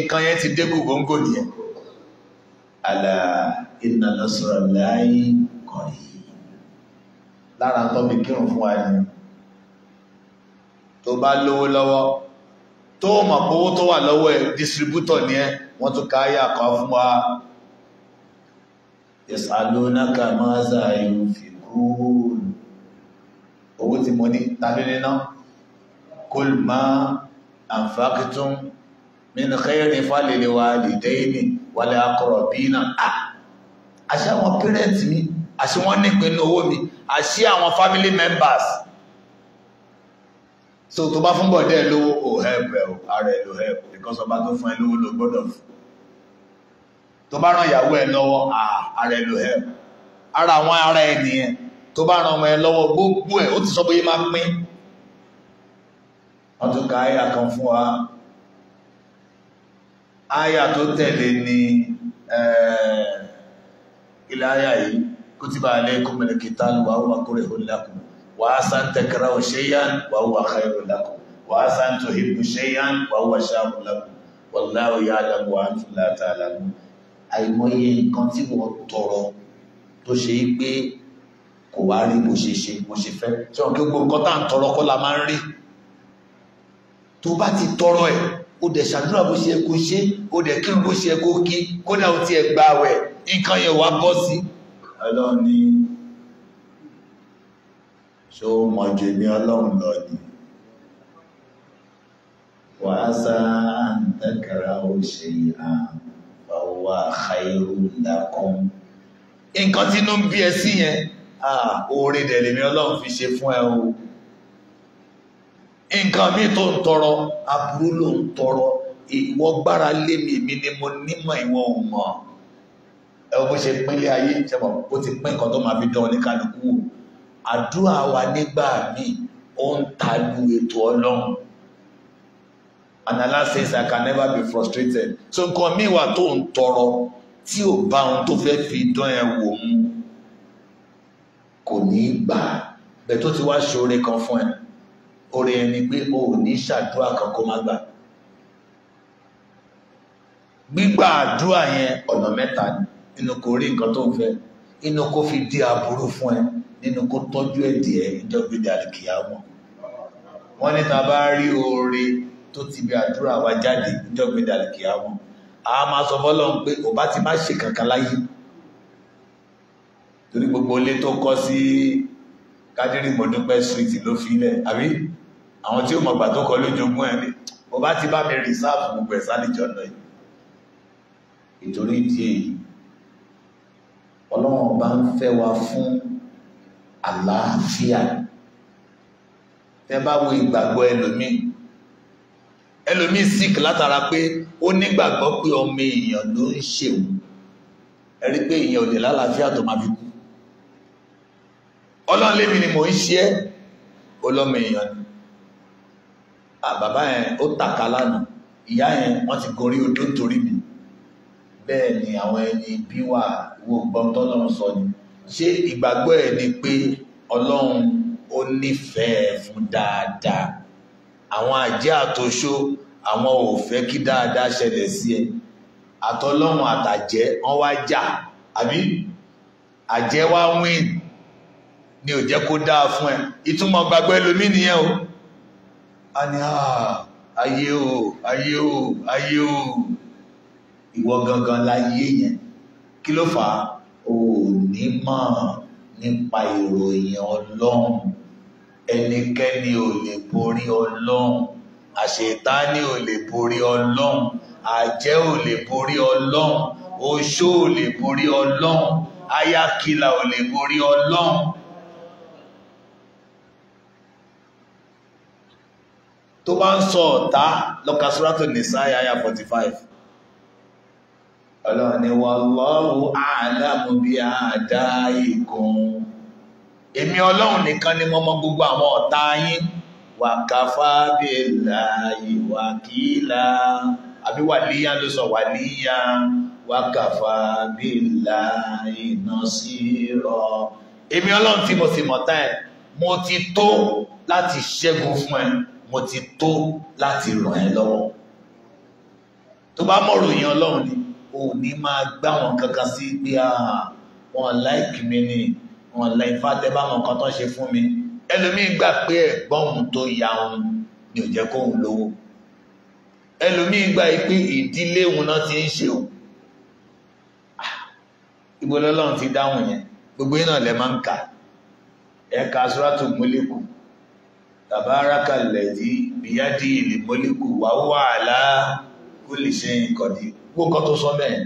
A: nǹkan yẹn ti dé gbogbo nìyẹn. ala inna nasrallahi qarib lára tó fi kírun fún wa ni tó bá lówó lọ́wọ́ tó mọ̀ pé owó tó wà lọ́wọ́ ẹ̀ distributor ni ẹ wọ́n tún ká ayé àkọ́ fún wa yẹ̀sàlónákà máa zàáyù fi kúrò owó tí mo ní tàbí níná kul ma anfaqtum min khairin falil walidaini wal aqrabina àṣẹ àwọn pẹ́rẹ́ntì mi àṣẹ wọ́n nípinnu owó mi àṣẹ àwọn family members so tó bá fún bọ̀dẹ́ lówó ò help ẹ̀ o ara ẹ̀ ló help because ọba tó fún ẹ lówó ló gbọ́dọ̀ fún
B: tó bá ràn ìyàwó ẹ lọ́wọ́
A: ààrẹ ló ẹ ara àwọn ara ẹ nìyẹn tó bá ràn ọmọ ẹ lọ́wọ́ gbogbo ẹ ó ti sọ bóyá máa pín wọ́n tún ka àyà kan fún wa àyà tó tẹ̀lé ni eh, ilẹ̀ àyà yìí kutiba alaykumul qitalu wa huwa kurhun lakum wa asan takrahu shay'an wa huwa khayrun lakum wa asan tuhibbu shay'an wa huwa sharrun lakum wallahu ya'lamu wa antum la ta'lamun àìmọye nǹkan tí wọ́n tọrọ tó ṣe é pé kò wá rí bó ṣe ṣe bó ṣe fẹ́ tí wọ́n kí gbogbo nǹkan tá à ń tọrọ kọ́ la máa ń rí tó bá ti tọrọ ẹ̀ ó dẹ̀ ṣàdúrà bó ṣe yẹ kó ṣe ó dẹ̀ kí bó ṣe yẹ kó kí kódà ó tiẹ̀ gba àwẹ̀ nǹkan yẹn wá bọ́ sí. ọlọ́run ní ṣó mọ̀jù ní ọlọ́run lọ ni wàá sá àǹtẹ̀kẹ̀rẹ̀ ó ṣe àǹtẹ̀ fàwọ́ àkàìrù lakum. nǹkan tí inú ń bí ẹ sí yẹn oore dẹ̀lẹ̀mí ọlọ́run fi ṣe fún ẹ o nǹkan míì tó ń tọrọ aburú ló ń tọrọ ìwọ gbára lé mi èmi ni mo nímọ̀ ìwọ ò mọ̀ ẹ bó ṣe pínlẹ̀ ayé ìjọba ó ti pín nǹkan tó máa fi dán oníkálukú àdúrà wa nígbà míì ó ń talu ètò ọlọ́run and Allah says I can never be frustrated so nǹkan mi wà tó ń tọrọ tí ò bá ohun tó fẹ́ fi dán ẹ wò mu kò ní í gbà á bẹ́ẹ̀ tó ti wá ṣoore kan fún ẹ oore ẹni pé o ò ní ṣàdúrà kan kó má gbà gbígbà àdúrà yẹn ọ̀nà mẹ́ta nínú kò rí nǹkan tó ń fẹ́ inú kó fi di aburú fún ẹ nínú kó tọ́jú ẹ̀dì ẹ ìjọba ìdí wọn wọn ní ta bá rí oore tó ti bí àdúrà wa jáde níjọ́gbẹ́dà kì á mọ̀ a máa sọ fọ́lọ́run pé ò bá ti má ṣe kankan láyé torí gbogbo ilé tó kọ́ sí kádírì mọ̀dúpẹ́ street ló fi lẹ̀ àbí àwọn tí ó mọ̀gbà tó kọ lójoogun ẹni ò bá ti bá mi rìsáàfù gbogbo ẹ̀ sálìjọ́ náà yìí ìtorí ìdí èyí ọlọ́run bá ń fẹ́ wa fún àlàáfíà tẹ́ bá wo ìgbàgbọ́ ẹlòmíì ẹlòmíì sick látara pé ó nígbàgbọ́ pé ọmọ èèyàn ló ń ṣe o pé èèyàn ò lè lálàáfíà tó máa fi kú ọlọ́run lémi ni mò ń ṣe ẹ́ ọlọ́mọ èèyàn ni bàbá yẹn ó tàka lánàá ìyá yẹn wọ́n ti gorí odó torí mi bẹ́ẹ̀ ni àwọn ẹni bí wà wo gbọ́n tọ́lọ́run sọ ni ṣé ìgbàgbọ́ ẹ̀ ni pé ọlọ́run ó nífẹ̀ẹ́ fún dáadáa àwọn àjẹ́ àtòṣó àwọn ò fẹ́ kí dáadáa ṣẹlẹ̀ sí ẹ àtọlọ́run àtàjẹ́ wọ́n wá jà àbí àjẹ́ wá win ni ò jẹ́ kó dáa fún ẹ ìtumọ̀ gbàgbé lomi nìyẹn o a ní ayé o ayé o ayé o ìwọ gangan láyé yẹn kí ló fà á ò ní mọ̀ nípa ìròyìn ọlọ́run ẹnikẹ́ni ò lè borí ọlọ́run àṣetáni ò lè borí ọlọ́run àjẹ́ ò lè borí ọlọ́run oṣó ò lè borí ọlọ́run ayákìlà ò lè borí ọlọ́run. tó bá ń sọ ọ̀tá lọ́ka sọ́rọ́tò nìsáyà ayá 45 ọlọ́run ni wallahu a'lamu bí àdá ikùn èmi ọlọ́run nìkan ni mo mọ gbogbo àwọn ọ̀tá yín wà káfá bèèlà ìwà kíìlà àbí wà líyá ló sọ wà líyá wà káfá bèèlà iná sí rọ èmi ọlọ́run tí mo sì mọ̀tá ẹ̀ mo ti tó láti ṣẹ́gun fún ẹ mo ti tó láti ràn ẹ́ lọ́wọ́ tó bá mọ̀rọ̀ yẹn ọlọ́run ni ò ní máa gbá wọn kankan sí pé ah, wọn láìkí mi ni wọn lẹ ìfá tẹ bá mọ nǹkan tó ṣe fún mi ẹlòmíì gbà pé ẹ̀gbọ́n òun tó ya òun ni ò jẹ́ kóun lówó ẹlòmíì gbà pé ìdílé òun náà ti ń ṣe òun ah, ibo lọ́lọ́run ti dáhùn yẹn gbogbo iná lẹ máa ń kà ẹ̀ka asúrátù mólíkù tàbáraka lẹ̀dí bíyádì ìlì mólíkù wà wà láà kó lè ṣe ìkọ̀dí gbókọ́ tó sọ bẹ́ẹ̀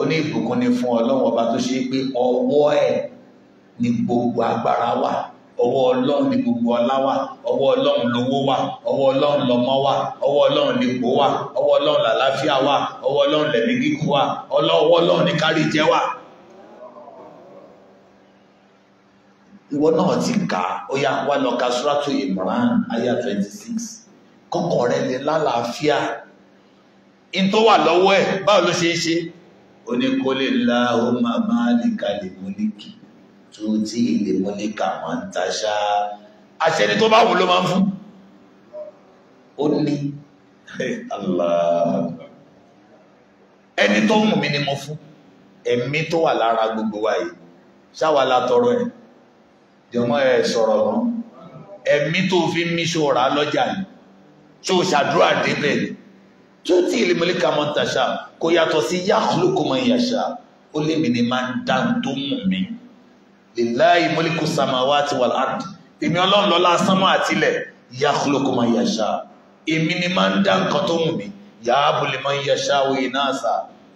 A: oní ìbùkún ni fún ọlọ́run ọba tó ṣe pé ọwọ́ ẹ̀ ni gbogbo agbára wa ọwọ́ ọlọ́run ni gbogbo ọlá wà ọwọ́ ọlọ́run lówó wà ọwọ́ ọlọ́run lọ́mọ wà ọwọ́ ọlọ́run nípò wà ọwọ́ ọlọ́run làlàáfíà wà ọwọ́ ọlọ́run lẹ̀mí gígùn ọwọ́ ọlọ́run ní kárí jẹ́ ti ka Imran aya twenty six rẹ lè lálàáfíà tó wà lọ́wọ́ ẹ̀ báwo ló ṣe é ṣe. tu tí ilé mọ́lẹ́kà máa ń taṣá aṣẹ́ni tó bá wù ló máa ń fún ó ní ẹni tó mú mi ni mo fún ẹ̀mí tó wà lára gbogbo wa yìí ṣáwa la tọrọ ẹ̀ jọmọ ẹ sọ̀rọ̀ mọ́ ẹ̀mí tó fi mí ṣòra lọ́jà yìí ṣó ṣàdúrà débẹ̀ ni tó tí ilé mọ́lẹ́kà máa ń taṣá kò yàtọ̀ sí yàtọ̀ lóko máa ń yàṣá ó lé mi ni máa ń dá tó mú mi lillahi mulku samawati wal ard èmi ọlọ́run lọ́lá sánmọ́ àtilẹ̀ yakhluqu ma yasha èmi ni máa ń dá nǹkan tó wù mí yàábù lè máa ń yasha òye náà sà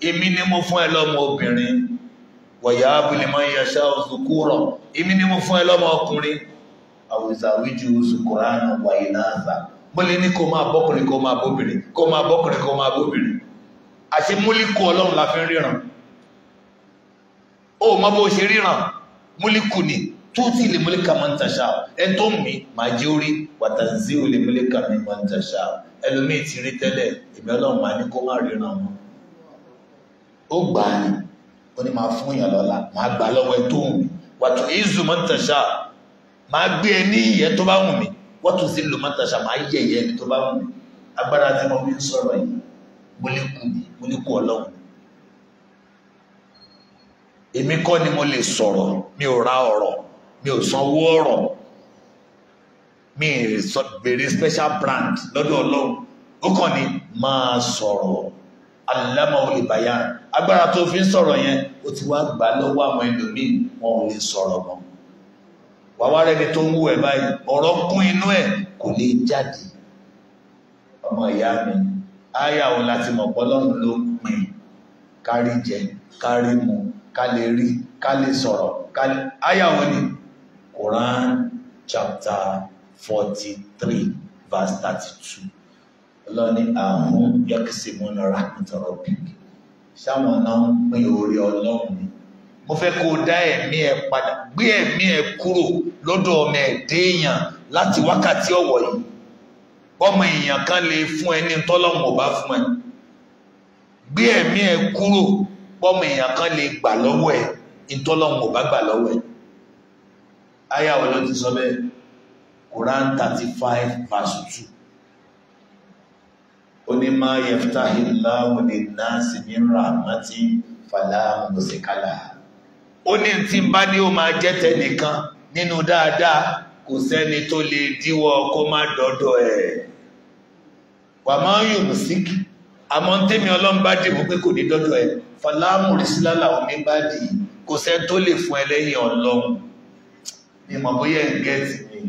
A: èmi ni mo fún ẹ lọ́mọ obìnrin wa yàábù lè máa ń yasha òzùkúrọ̀ ni mo fún ẹ lọ́mọ ọkùnrin àwùzàwíjú òzùkúránù wàyí náà sà mo lè ní kó máa bọ́kùnrin kó máa bóbìnrin kó máa bọ́kùnrin kó máa bóbìnrin àti múlíkù ọlọ́run la fi ríran ó mọ bó ṣe ríran múlíkù ni tútì lè múlíkà máa ń tàṣà ẹni tó mì máa jẹ́ orí wàtàǹzí ò lè múlíkà mi máa ń tàṣà ẹlòmíì ti rí tẹ́lẹ̀ èmi ọlọ́run máa ní kó má ríran wọn. ó gbà á ní ó ní máa fún yàn lọ́la máa gbà lọ́wọ́ ẹ tó wùn mí wàtò ìzù máa ń tàṣà máa gbé ẹ ní ìyẹn tó bá wùn mí wàtò sí lò máa ń tàṣà máa yẹ ìyẹn tó bá wùn mí agbára tí mo èmi kọ́ ni mo lè sọ̀rọ̀ mi ò ra ọ̀rọ̀ mi ò sanwó ọ̀rọ̀ mi ò béèrè special brand lọ́dọ̀ ọlọ́run ó kàn ní máa sọ̀rọ̀ alámọ̀ olè bàyà agbára tó fi ń sọ̀rọ̀ yẹn ó ti wá gbà lọ́wọ́ àwọn ẹlòmíì wọn ò lè sọ̀rọ̀ mọ́ wà wá rẹni tó ń wú ẹ báyìí ọ̀rọ̀ kún inú ẹ̀ kò lè jáde ọmọ ìyá mi áyà òun láti mọ̀ pọ́lọ́run ló pin kárí jẹ kárí mu ká lè rí ká sọ̀rọ̀ ká lè ni Quran chapter forty three verse thirty two lọ́ni àhún yẹ́kìsìmọ́nà rahmatọ̀rọ̀ bí sáwọn náà ń pín orí ọlọ́run ni mo fẹ́ kó dá ẹ̀mí ẹ̀ padà gbé ẹ̀mí ẹ̀ kúrò lọ́dọ̀ ọmọ ẹ̀dẹ́ èèyàn láti wákàtí ọ̀wọ̀ yìí ọmọ èèyàn kan lè fún ẹni tọ́lọ́mù ọba fún ẹ gbé ẹ̀mí ẹ̀ kúrò pọ́mọ èèyàn kan lè gbà lọ́wọ́ ẹ̀ ìtọ́lọ́hun ò bá gbà lọ́wọ́ ẹ̀ aya wo ló ti sọ bẹ́ẹ̀ Quran thirty five verse two onímọ̀ yaftahi Allahu linnasi min rahmatin fala mumsika laha ó ní tí bá ní ó máa jẹ́ tẹnìkan nínú dáadáa kò sẹ́ni tó lè díwọ́ kó má dọ́dọ̀ ẹ̀ wàmọ́ yùmùsíkì àmọ́ tẹ́mi ọlọ́run bá dìbò pé kò ní dọ́dọ̀ ẹ̀ fọlámùrísílá làwọn mi bá dì í kò sẹ́ tó lè fún ẹlẹ́yìn ọlọ́run ni bóyá ẹ̀ get me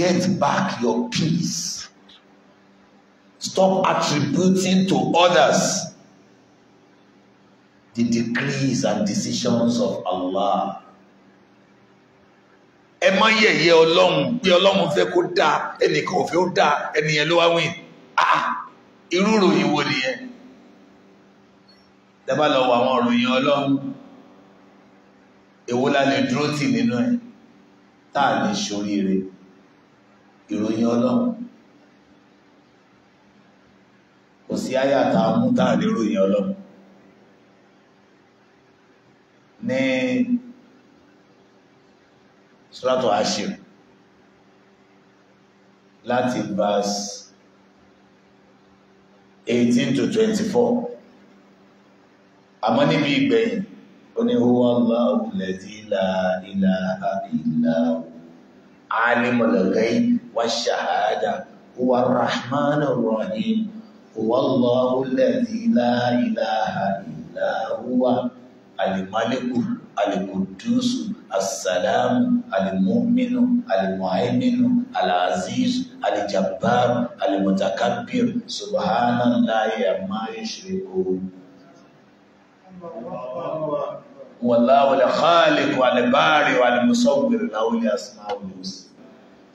A: get back your peace stop attributing to others the decrees and decisions of Allah ẹ má yẹ̀yẹ́ ọlọ́run pé ọlọ́run fẹ́ kó dáa ẹnìkan ò ó dáa ẹnìyẹn ló wá wìn ah irú ìròyìn wo nìyẹn dábàá lọ wọ àwọn ìròyìn ọlọ́run èwo la lè dúró tì nínú ẹ̀ tá à ní ṣoríire ìròyìn ọlọ́run kò sí àyà tá a mú tá à ní ìròyìn ọlọ́run ní sọ́látọ̀ ashir láti verse 18 to 24 àmọ́ níbi ìgbẹ̀yìn ó ní huwa Allahu alladhi la ilaha illa hu alimul ghaybi wash-shahada huwa ar-rahmanur rahim huwa Allahu alladhi la ilaha illa huwa al-maliku alikudusu asalamu alimuminu alimuhaiminu alazizu alijabaru alimutakabiru subhanallahi amma Wallahu wàláwò lè khaliqu alìbáàrí wà lè mùsọ̀gbìrì láwọlé asmáwòlé òsì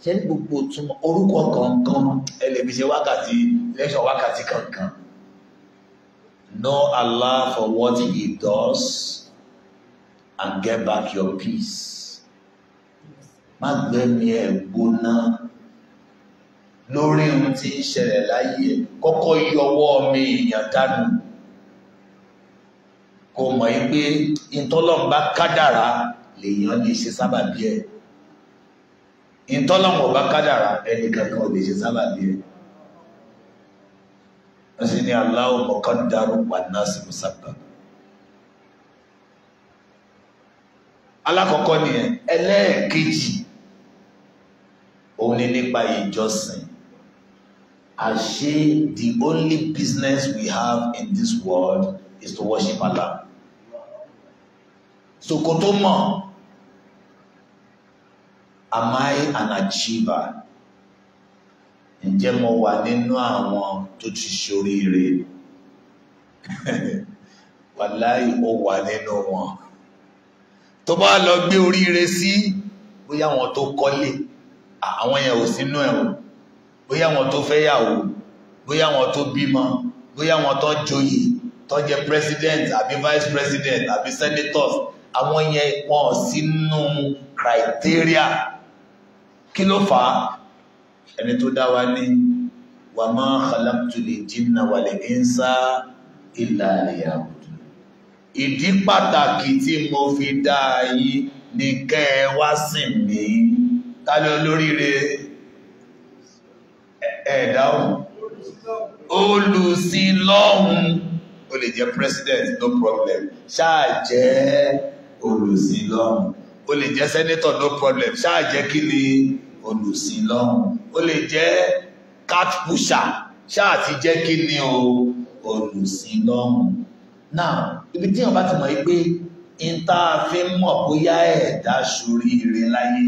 A: ṣe ní gbogbo túnmọ̀ orúkọ kọ̀ọ̀kan ẹlẹ́bí ṣe wákàtí lẹ́ṣọ̀ wákàtí kankan No Allah for what he does and get back your peace. Má gbẹ́mi ẹ̀ gbóná lórí ohun tí ń ṣẹlẹ̀ láyé ẹ̀ kọ́kọ́ yọwọ́ mi èèyàn dànù. Kò mọ̀ yí pé ìtọ́lọ́run bá kádàrá lèèyàn lè ṣe sábàbí ẹ̀. Ìtọ́lọ́run bá kádàrá ẹnì kankan lè ṣe sábàbí ẹ̀. Wọ́n sì ní Allahu muqaddaru wan nasu musabbab. alákọ̀ọ́kọ́ nìyẹn ẹlẹ́ẹ̀kejì òun ni nípa ìjọsìn àṣé the only business we have in this world is to worship Allah sokoto mọ̀ am I an achiever ǹjẹ́ mo wà nínú àwọn tó ti ṣoríire wàláì ó wà nínú wọn tó bá lọ gbé oríire sí bóyá àwọn tó kọ́lé àwọn yẹn ò sínú ẹ̀ o bóyá àwọn tó fẹ́yàwó bóyá àwọn tó bímọ bóyá àwọn tó joyè tó jẹ president àbí vice president àbí senators àwọn yẹn wọn sínú criteria kí ló fà á ẹni tó dá wa ní wa ma khalaqtu lil jinna wal insa illa liya'budun ìdí pàtàkì tí mo fi dá yín ni kẹ́ ẹ wá sìn mí tàbí olóríire ẹ̀dáhùn olùsílọ́hun o lè jẹ́ president no problem ṣáà jẹ́ olùsílọ́hun o lè jẹ́ senator no problem ṣáà jẹ́ kí ni olùsílọ́hun o lè jẹ́ cat pusher ṣáà ti jẹ́ kí ni o olùsílọ́hun Now, ibi tí wọ́n bá ti mọ̀ yí pé n tá a fi ń mọ̀ bóyá ẹ̀dá ṣoríire láyé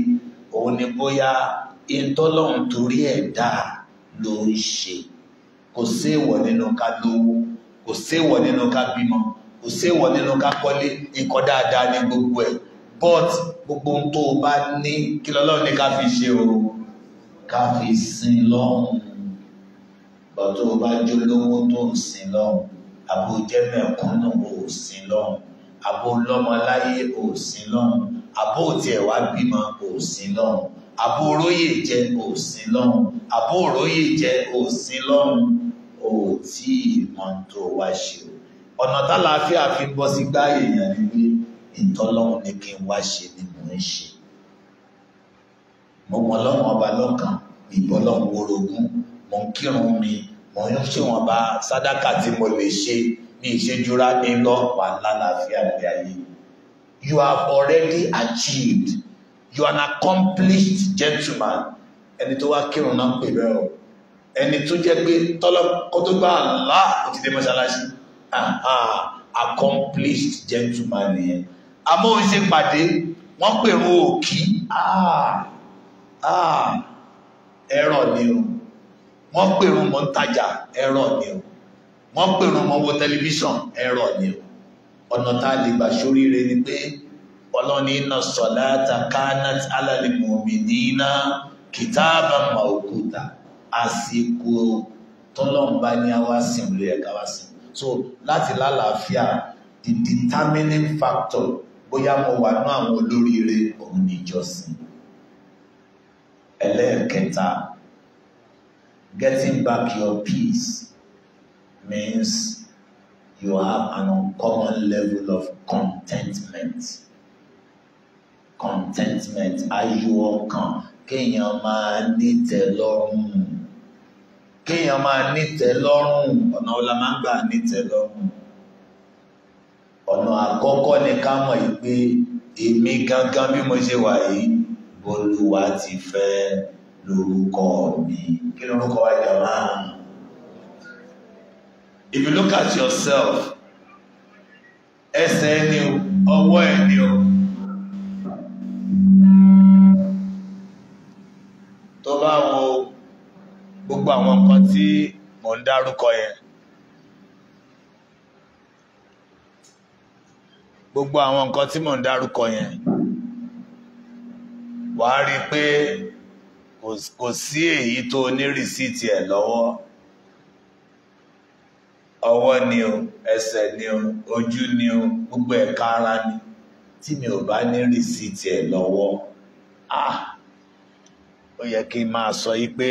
A: òun ni bóyá ìtọ́lọ́hún torí ẹ̀dá ló ń ṣe kò séèwọ̀ nínú ká lówó kò séèwọ̀ nínú ká bímọ kò séèwọ̀ nínú ká kọ́lé nǹkan dáadáa ní gbogbo ẹ̀ but gbogbo ohun tó o bá ní kí lọ́lọ́run ní ká fi ṣe o ká fi sin lọ́hùn-ún bọ́tò o bá jó lówó tó ń sin lọ́hùn àbò jẹ́mẹ̀ kúnnù òsìn lọ́hùn àbò lọ́mọláyé òsìn lọ́hùn àbò tiẹ̀ wá bímọ òsìn lọ́hùn àbò òróyè jẹ́ òsìn lọ́hùn àbò òróyè jẹ́ òsìn lọ́hùn ò tí ìmọ̀ tó wá ṣe o ọ̀nà tálàáfíà fi bọ́ sí gbá èèyàn ni pé ìtọ́lọ́hùn ní kí n wá ṣe ni mò ń ṣe mo mọ̀ lọ́wọ́ ọba lọ́kàn ìbọ́lọ́hùn orogún mò ń kírun mi mò ń ṣèwọ̀n bá sádàkà tí mo lè ṣe bí ìṣèjúra ní lọ́pàá ńlá láàfin àgbẹ̀ ayé you have already achieved you are an accomplished gentleman ẹni tó wá kírun náà ń pè bẹ́ẹ̀ o ẹni tó jẹ́ pé tọ́lọ́ kó tó gbà lá ó ti dé mọ́ṣáláṣí accomplished gentleman nìyẹn àmọ́ ó ṣe pàdé wọ́n pèrún òkì ah, ah, ẹ̀rọ ni o wọ́n pèrún mọ́ ń tajà ẹ̀rọ ni o wọ́n pèrún mọ́ wo tẹlifíṣàn ẹ̀rọ ni o ọ̀nà tá a lè gbà sóríire ni pé ọlọ́ni iná sọ̀láta kánat alálìmọ̀mìnínà kìtàbà màókúta àsìkò tọ́lọ́mbá ní àwa sìn ló yẹ wá sìn so láti lálàáfíà the determining factor bóyá mo wà ní àwọn olóríire òun níjọ́sìn ẹlẹ́ẹ̀kẹta Getting back your peace means you have an uncommon level of contentment. Contentment, ayọ̀ ọkàn, kéèyàn máa nítẹ̀lọ́rùn. Kéèyàn máa nítẹ̀lọ́rùn, ọ̀nà ọ̀la máa ń gbà nítẹ̀lọ́rùn. Ọ̀nà àkọ́kọ́ ni ká mọ̀ yìí pé èmi gangan bí mo ṣe wà yìí, Olúwa ti fẹ́ ẹ́ lórúkọ mi kí lórúkọ wa jà máa if you look at yourself ẹsẹ̀ ẹni o ọwọ́ ẹni o tó bá wo gbogbo àwọn nǹkan tí mò ń dárúkọ yẹn gbogbo àwọn nǹkan tí mò ń dárúkọ yẹn wàá rí i pé kò sí èyí tó ní rìsíìtì ẹ̀ lọ́wọ́ ọwọ́ ni o ẹsẹ̀ ni o ojú ni o gbogbo ẹ̀ka ara ni tí mi ò bá ní rìsíìtì ẹ̀ lọ́wọ́ ah ó yẹ kí n máa sọ yí pé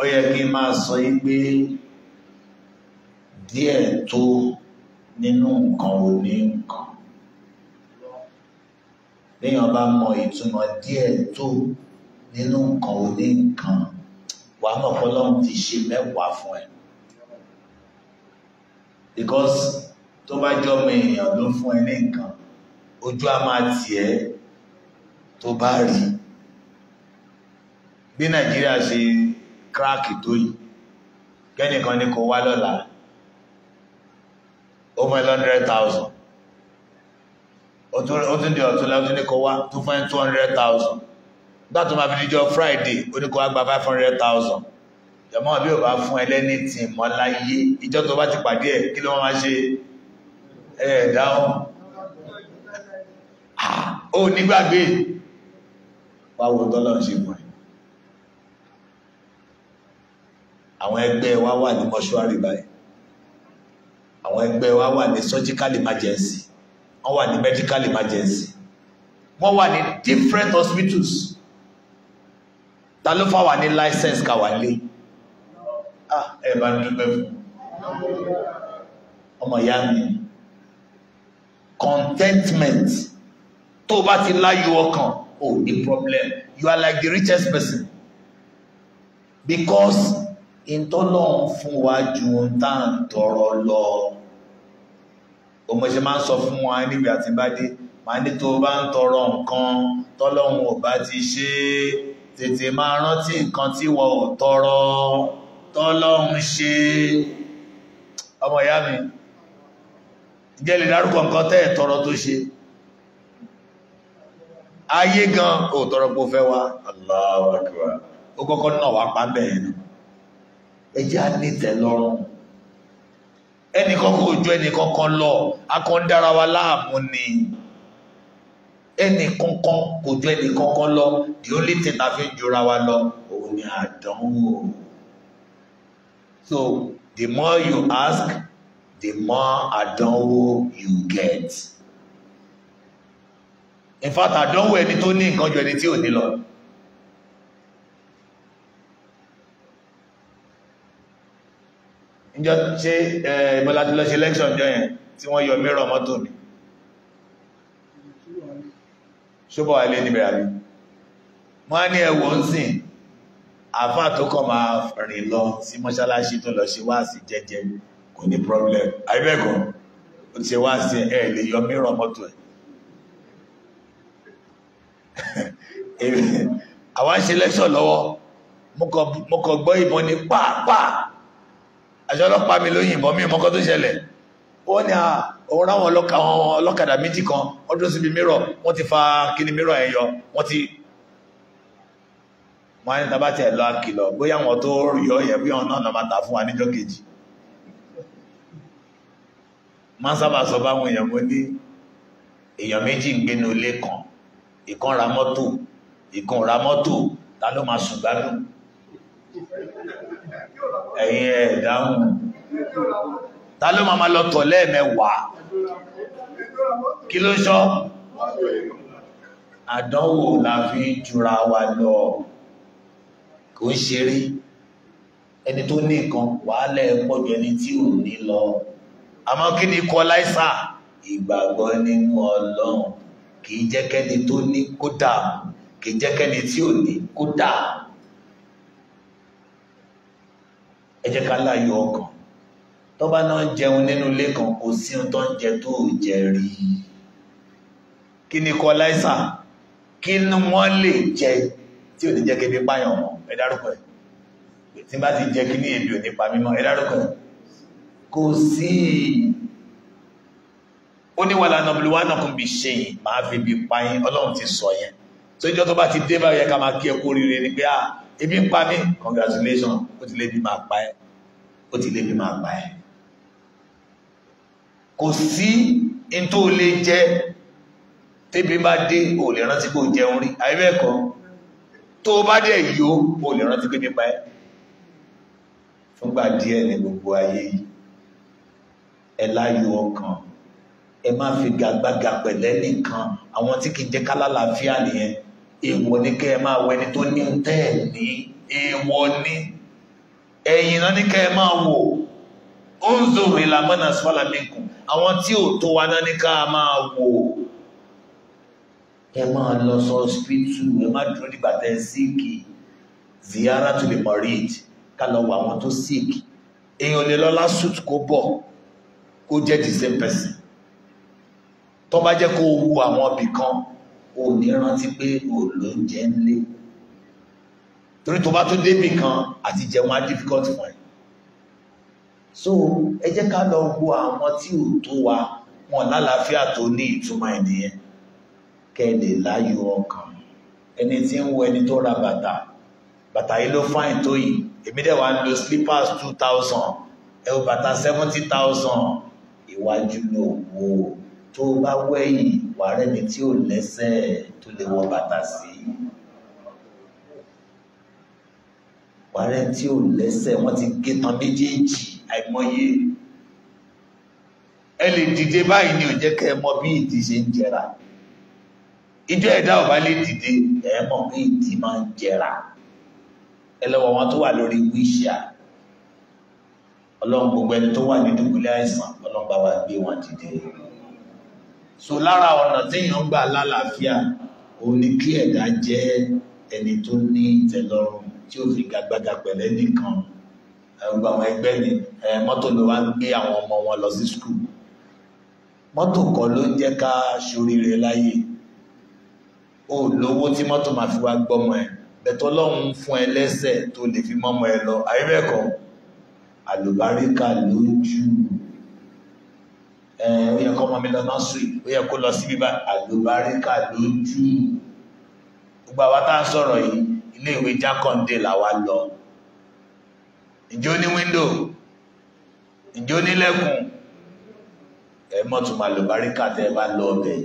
A: ó yẹ kí n máa sọ díẹ̀ tó nínú nǹkan ò ní nǹkan léèyàn bá mọ ìtumọ̀ díẹ̀ tó nínú nǹkan oní nǹkan wà á mọ̀ fọlọ́run ti ṣe mẹ́wàá fún ẹ because tó bá jọ ọmọ èèyàn ló fún ẹ ní nǹkan ojú á máa tì ẹ́ tó bá rí bí nàìjíríà ṣe kíráàkì tó yìí kẹ́nìkan ní kò wá lọ́la ó mọ́ ẹ̀ hundred thousand ó tún di ọ̀tún lọ́tún ní kò wá tó fún ẹ̀ two hundred thousand gbàtò máa fi níjọ friday oníkó wá gba five hundred thousand jọmọ bí o bá fún ẹlẹ́ni tì mọ́ láyé ìjọ tó bá ti pàdé ẹ̀ kí ló máa ṣe ẹ̀ dáhùn ó nígbàgbé wáwo tọ́lọ́ ń ṣe mọ́ ẹ̀ àwọn ẹgbẹ́ wa wà ní mọ́ṣúárì báyìí àwọn ẹgbẹ́ wa wà ní surgical emergency wọ́n wà ní medical emergency wọ́n wà ní different hospitals ta ló fà wá ní license ká wà lé ah, ẹ bá dúpẹ́ ọmọ ìyá mi contentment tó bá ti láyọ̀ ọkàn ò ní problem you are like the richest person because ìtọ́lọ́run fún wa ju ohun tá à ń tọrọ lọ òmùṣe máa ń sọ fún wa níbi àtibádé màá ní tó bá ń tọrọ nǹkan tọ́lọ́run ò bá ti ṣe é tètè máa rántí nǹkan tí wọ́n ò tọrọ tọ́lọ́hun ṣe ọmọ ìyá mi jẹ́ lè dárúkọ nǹkan tẹ́ ẹ̀ tọrọ tó ṣe ayé gan ò tọrọ pé fẹ́ wá Allahu Akbar ó kọ́kọ́ náà wá pa bẹ́ẹ̀ nù ẹjẹ́ á ní tẹ́lọ́rùn ẹnìkan kò ju lọ akọ́ndára wa láàmú ni ẹnì kankan kò ju ẹnì kankan lọ the only thing ta fi ń jura wa lọ òun ni àdánwò so the more you ask the more àdánwò you get in fact àdánwò ẹni tó ní nǹkan ju ẹni tí ò ní lọ. ǹjọ́ ṣe ẹ̀ẹ́dẹ́gbẹ̀lá ti lọ ṣe election jọ yẹn tí wọ́n yọ mìíràn mọ́tò mi ṣóbọ̀ wà ilé níbẹ̀ àbí wọ́n ní ẹwọ ń sìn àfá tó kọ̀ máa rìn lọ sí mọ́ṣáláṣí tó lọ ṣe wáàsí jẹ́jẹ́ kò ní problem àìbẹ́ẹ̀kọ́ ó ṣe wáàsí ẹ̀ lè yọ mìíràn mọ́tò ẹ̀ àwa ń ṣe lẹ́ṣọ̀ lọ́wọ́ mo kọ̀ gbọ́ ìbọn ní pàápàá àṣọ́lọ́pàá mi ló yìnbọn mí mọ́kọ́ tó ṣẹlẹ̀ ó ní à òun ráwọn ọlọ́kadà méjì kan ọdún síbi mírọ̀ wọ́n ti fa kíni mírọ̀ ẹ̀yọ wọ́n ti wọ́n á ní tàbá tí ẹ̀ lọ àkìlọ̀ bóyá wọn tó yọ yẹ bí ọ̀nà ọ̀nà máa tà fún wa níjọ́ kejì máa ń sábà sọ báwọn èèyàn mo ní èèyàn méjì ń gbénu ilé kan ìkan ra mọ́tò ìkan ra mọ́tò ta ló máa sùn gbádùn ẹ̀yin ẹ̀ dáhùn ta ló máa lọ tọ̀ lẹ́ẹ̀mẹ́wàá kí ló sọ àdánwò la fi jura wa lọ kò ń ṣeré ẹni tó ní nǹkan wàhálà ẹ̀ pọ̀ ju ẹni tí ò ní lọ àmọ́ kí ni kọ láìsà ìgbàgbọ́ nínú Ọlọ́run kì í jẹ́ tó ní kó kì í jẹ́ tí ò ní kó ẹ jẹ́ ká láyọ̀ ọkàn tó bá náà jẹun nínú ilé kan kò sí ohun tó ń jẹ tó jẹ rí kí ni kọ láìsà kí ni wọ́n lè jẹ tí ò ní jẹ́ kébí páyàn wọn ẹ dárúkọ ẹ̀ tí bá ti jẹ́ kí ní èbí ò ní pa mímọ́ ẹ dárúkọ ẹ̀ kò sí ó ní wà lánà bí wà náà kún bí ṣe yìí máa fi bí páyín ọlọ́run ti sọ yẹn tó ìjọ tó bá ti dé báyẹ ká máa kí ẹ kú oríire ni pé à ah, ebi ń pa mí congratulations ó ti lè bí máa pa ẹ ó ti lè bí máa pa ẹ kò sí in tó lè jẹ tébí bá dé ò lè rántí pé ó jẹun rí àìbẹ́ẹ̀kọ́ tó bá dẹ̀ yóò ò lè rántí pé nípa ẹ̀ fúngbà díẹ̀ ní gbogbo ayé yìí ẹ láyọ̀ ọkàn ẹ má fi gàgbàgà pẹ̀lẹ́ nìkan àwọn tí kì í jẹ́ kálálàáfíà nìyẹn èèwọ̀ ní kẹ́ ẹ máa wọ ẹni tó ní tẹ́ẹ̀ ní èèwọ̀ ní ẹ̀yìn náà ní kẹ́ ẹ máa wò unzur ila man asfala minkum àwọn tí ò tó wa náà ní ká máa wò ẹ máa lọ sọ ọsibítù ẹ má dúró nígbà tẹ ẹ síìkì ziyara to the marid ká lọ wọ àwọn tó sick èèyàn lè lọ lásùt kó bọ̀ kó jẹ́ the same person tó bá jẹ́ kó wu àwọn ibì kan ò ní rántí pé ò ló ń jẹ ń lé torí tó bá tún débì kan àti jẹun á difficult fún ẹ so ẹ jẹ́ ká lọ wo àwọn tí ò tó wa wọn lálàáfíà tó ní ìtumọ̀ ènìyàn kẹ́ lè láyọ̀ ọkàn ẹni tí ń wo ẹni tó ra bàtà bàtà yìí ló fáìn tó yìí èmi dẹ̀ wá lo slippers two thousand ẹ wo bàtà seventy thousand ìwájú ló wo tó bá wẹ̀yìn wà rẹ́ni tí ò lẹ́sẹ̀ tó lè wọ bàtà sí wà rẹ́ni tí ò lẹ́sẹ̀ wọ́n ti gé tán méjèèjì àìmọye ẹ lè dìde báyìí ni ò jẹ́ kẹ́ mọ̀ bí ìdí ṣe ń jẹrà ìjọ ẹ̀dá ò bá lè dìde ẹ mọ̀ bí ìdí máa ń jẹrà ẹ lọ́wọ́ wọn tó wà lórí wíṣà ọlọ́run gbogbo ẹni tó wà ní dùgbùlẹ̀ àìsàn ọlọ́run bá wà gbé wọn dìde so lára ọ̀nà téèyàn gbà lálàáfíà òun ni kí ẹ̀dá jẹ́ ẹni tó ní ìtẹ̀lọ́rùn tí ó fi gagbága pẹ̀lẹ́ nìkan gbogbo àwọn ẹgbẹ́ ni mọ́tò ló wá ń gbé àwọn ọmọ wọn lọ sí skul mọ́tò kọ́ ló ń jẹ́ ká ṣoríire láyé o lówó tí mọ́tò máa fi wá gbọ́mọ ẹ̀ bẹ̀tọ́ lọ́hún fún ẹ lẹ́sẹ̀ tó lè fi mọ́mọ ẹ lọ àríbẹ̀kọ́ àlùbáríkà lójú ẹ ó yẹ kó ọmọ mi lọ náà sùn ó yẹ kó lọ sí bíbá àlùbáríkà lójú gbogbo àwa tá a sọ̀rọ̀ yìí ilé ìwé làwa lọ ìjó ní wíńdò ìjó ní lẹ́kùn ẹ mọ́tò máa lò báríkà tẹ́ ẹ bá lọ ọbẹ̀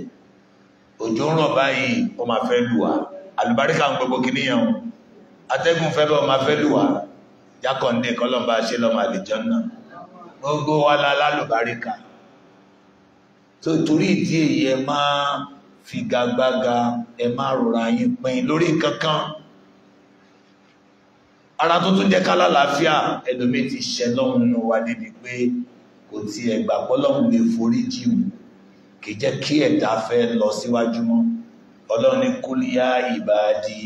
A: òjò ń rọ̀ báyìí ó máa fẹ́ lù wá àlùbáríkà ń gbogbo kìníyàn atẹ́gùn fẹ́ bá máa fẹ́ lù wá jákọ̀ǹde kọ́lọ́mbà ṣe lọ́mọ àlìjọ náà gbogbo wa la lálùbáríkà tó torí ìdí èyí ẹ máa figagbága ẹ máa rọra yín pin lórí nǹkan ara tó tún jẹ́ ká lálàáfíà ẹlòmí ti ṣẹ lọ́hun nínú wa débi pé kò ti ẹ̀gbà pọ́lọ́hun lè forí jìun kì jẹ́ kí ẹ̀dá fẹ́ lọ síwájú mọ́ ọlọ́run ní kúlíyà ìbàdí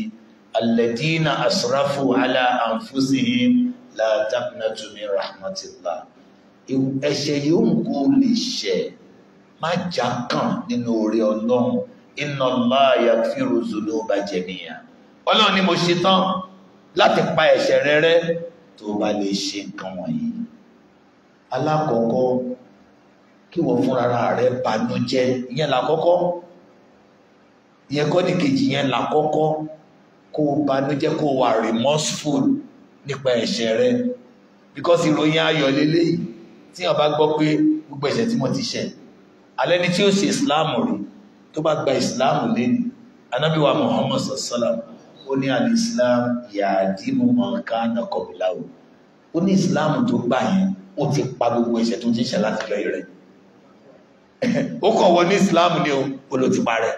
A: alladina asrafu ala anfusihim la taqnatu min rahmatillah ń kó lè ṣẹ̀ má já kàn nínú oore ọlọ́run inna Allah yaghfiru dhunuba jami'a ọlọ́run ni mo ṣe tán láti pa ẹ̀ṣẹ̀ rẹ rẹ́ tó bá lè ṣe nǹkan wọ̀nyí alákọ̀ọ́kọ́ kí wọ́n fúnra rẹ̀ bànújẹ́ ìyẹn làkọ́kọ́ ìyẹn kọ́ ní kejì yẹn làkọ́kọ́ kó bànújẹ́ kó wà remorseful nípa ẹ̀ṣẹ̀ rẹ because ìròyìn ayọ̀ lélẹ́yìí tí wọ́n bá gbọ́ pé gbogbo ẹ̀ṣẹ̀ tí mo ti ṣẹ̀ alẹ́ ni tí ó ṣe islam rí tó bá gba islam lẹ́nu anábíwá muhammad sallallahu alaihi wa sallam ó ní al-Islam ya'dimu man kana qablahu ó ní Islam tó gbà yẹn ó ti pa gbogbo ẹ̀ṣẹ̀ tó ti ṣẹ̀ láti lọ́yìn rẹ̀ ó kàn wọ ní Islam ni o olùtìpa rẹ̀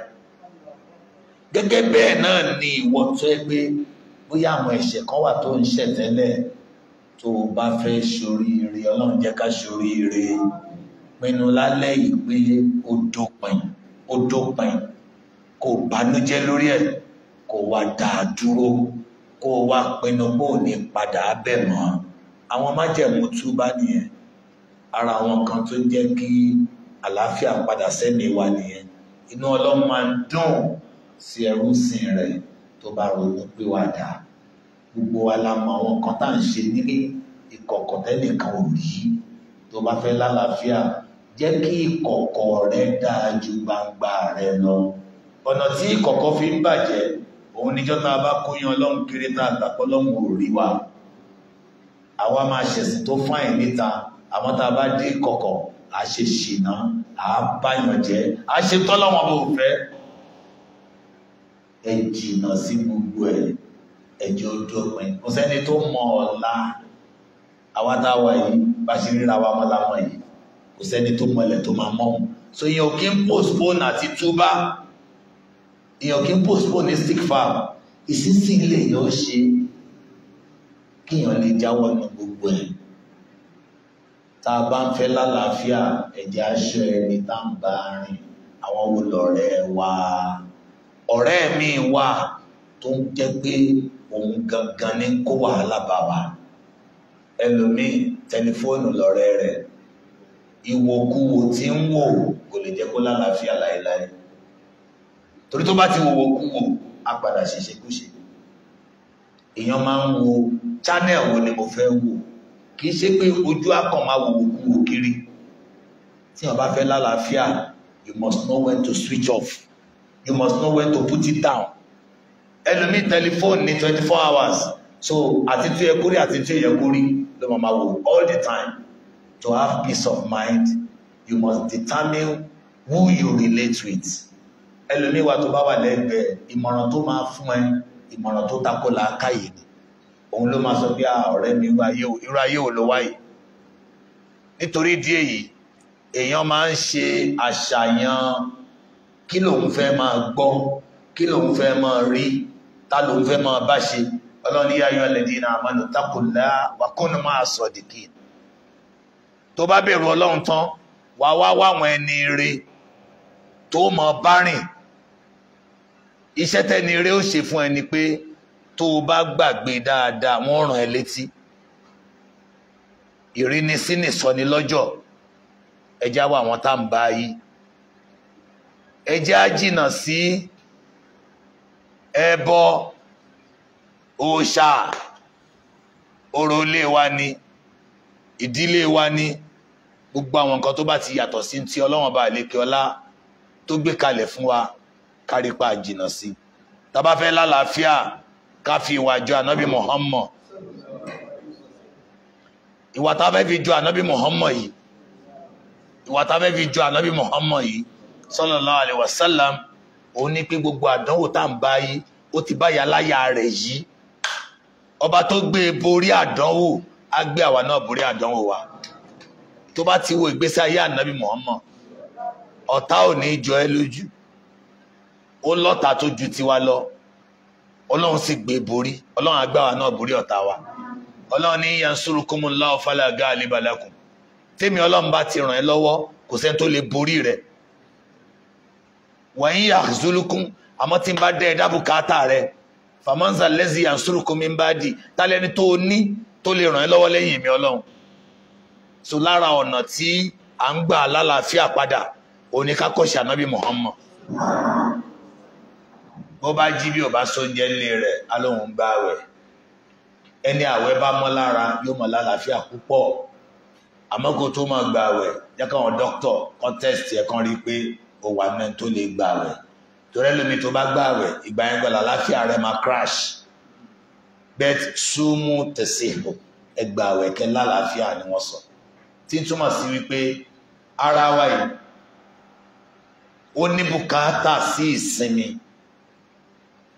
A: gẹ́gẹ́ bẹ́ẹ̀ náà ni ìwọ tó ẹ pé bóyá àwọn ẹ̀ṣẹ̀ kan wà tó ń ṣẹ̀ tẹ́lẹ̀ tó o bá fẹ́ ṣoríire ọlọ́run jẹ́ ká ṣoríire pinnu lálẹ́ yìí pé ó dópin ó dópin kò bànújẹ́ lórí ẹ̀ kó wá dá a dúró kó wá pinnu bó ní padà bẹ̀ mọ́ àwọn májẹ̀mú túbá nìyẹn ara àwọn kan tó ń jẹ́ kí àlàáfíà padà sẹ́mi wa nìyẹn inú ọlọ́run máa ń dùn sí ẹrú sìn rẹ̀ tó bá ronú pé wà dá gbogbo wa la mọ àwọn kan tá à ń ṣe nílé ìkọ̀kọ̀ tẹ́nìkan ò rí tó bá fẹ́ lálàáfíà jẹ́ kí ìkọ̀kọ̀ rẹ dáa ju gbangba rẹ lọ ọ̀nà tí ìkọ̀kọ̀ fi ń bàjẹ́ òun níjọ́ tá a bá kóyán ọlọ́run kéré tá a gbàpọ̀ lọ́run ò rí wa àwa máa ṣẹ̀sìn tó fáìn níta àmọ́ tá a bá dé kọ̀kọ̀ a ṣe ṣìnà a báyàn jẹ́ a ṣe tọ́lọ́wọ́n bó fẹ́ ẹ jìnà sí gbogbo ẹ ẹjọ́ dópin kò sẹ́ni tó mọ ọ̀la àwa tá a wà yìí bá ṣe ríra wa mọ́ lámọ́ yìí kò sẹ́ni tó mọlẹ̀ tó máa mọ́ so yẹn ò kí ń postpone àti túbá èèyàn kí n postpone ní stick farm ìsísí ilé èèyàn ṣe kíyàn lè jáwọ́ ní gbogbo ẹ̀ tá a bá ń fẹ́ lálàáfíà ẹ̀jẹ̀ aṣọ ẹni tá ń bá rìn àwọn wo lọ̀rẹ́ wa ọ̀rẹ́ mi wà tó ń jẹ́ pé òun gangan ní kó wàhálà bá wa ẹlòmíì tẹlifóònù lọ̀rẹ́ rẹ̀ ìwòkuwò tí ń wò kò lè jẹ́ kó lálàáfíà láéláé torí tó bá ti wo kú wo a padà ṣiṣẹ́ kú ṣe èèyàn máa ń wo channel wo ni mo fẹ́ wò kì í ṣe pé ojú akàn máa wo kú wo kiri tí wọn bá fẹ́ lálàáfíà you must know when to switch off you must know when to put it down ẹlòmíì tẹlifóònù ní twenty four hours so àti tó yẹ kórí àti tó yẹ kórí ló máa máa wò all the time to have peace of mind you must determine who you relate with ẹlòmíì wà tó bá wà lẹ́gbẹ̀ẹ́ ìmọ̀ràn tó máa fún ẹ ìmọ̀ràn tó takò làákàyè ni òun ló máa sọ pé ọ̀rẹ́ mi irú ayé ò ló wáyé nítorí dí èyí èèyàn máa ń ṣe àṣàyàn kí lòun fẹ́ máa gbọ́ kí lòun fẹ́ máa rí ta lòun fẹ́ máa bá ṣe ọlọ́ni yáyọ alladhina amanu taqullah wa kunu ma'a sadiqin tó bá bẹ̀rù ọlọ́run tán wà wá wáwọn ẹni ire tó mọ̀ bá rìn iṣẹ́ tẹ́ni eré ó ṣe fún ẹni pé tó o bá gbàgbé dáadáa wọ́n ràn ẹ́ létí ìrínisíni sọni lọ́jọ́ ẹjá wà wọ́n tá ń bá yí ẹjá jìnnà sí ẹbọ òòṣà òròlé wa ni ìdílé wa ni gbogbo àwọn nǹkan tó bá ti yàtọ̀ sí ti ọlọ́wọ́n bá lè ọlá tó gbé kalẹ̀ fún wa kárípa jìnnà sí tá bá fẹ́ lálàáfíà ká fi ìwà jọ ànábì Muhammad ìwà tá fẹ́ fi jọ ànábì Muhammad yìí ìwà tá fẹ́ fi jọ ànábì Muhammad yìí sallallahu alaihi wasallam òun ní pé gbogbo àdánwò tá ń bá yìí ó ti báyà láyà rẹ̀ yìí ọba tó gbé e borí àdánwò á gbé àwa náà borí àdánwò wa tó bá ti wo ìgbésí ayé ànábì Muhammad ọ̀tá ò ní jọ ẹ́ lójú ó lọ́ta tó ju tiwa lọ ọlọ́run sì gbé borí ọlọ́run agbáwa náà borí ọ̀tá wa ọlọ́run ní yansurukumullahu fala ghaliba lakum tèmi ọlọ́run bá ti ràn ẹ́ lọ́wọ́ kò sẹ́ni tó lè borí rẹ̀ wa in yakhzulukum àmọ́ tí n bá dẹ́ ẹ dábùkátà rẹ̀ famanza lezi yansurukum min badi ni tó ní tó lè ràn ẹ́ lọ́wọ́ lẹ́yìn mi ọlọ́run so lára ọ̀nà tí à ń gbà lálàáfíà padà òní ká kọ́ṣe ànábì Muhammad bó bá jí bí ọba sóúnjẹ ńlé rẹ̀ alóhùn ń gbààwẹ̀ ẹni àwẹ̀ bá mọ́ lára yóò mọ̀ lálàáfíà púpọ̀ àmọ́ kó tó máa gbààwẹ̀ jẹ́ káwọn dókítọ̀ kan tẹ́sítì ẹ̀ kan rí i pé ó wà mẹ́rin tó lè gbààwẹ̀ torí lómi tó bá gbààwẹ̀ ìgbà yẹn gbọ́dọ̀ àlàáfíà rẹ̀ máa crash bet sumu tẹ̀síbù ẹ gbààwẹ̀ kẹ́ lálàáfíà ni wọ́n sọ tí ń túmọ̀ sí wípé ara wa yìí ó ní bùkátà sí ìsinmi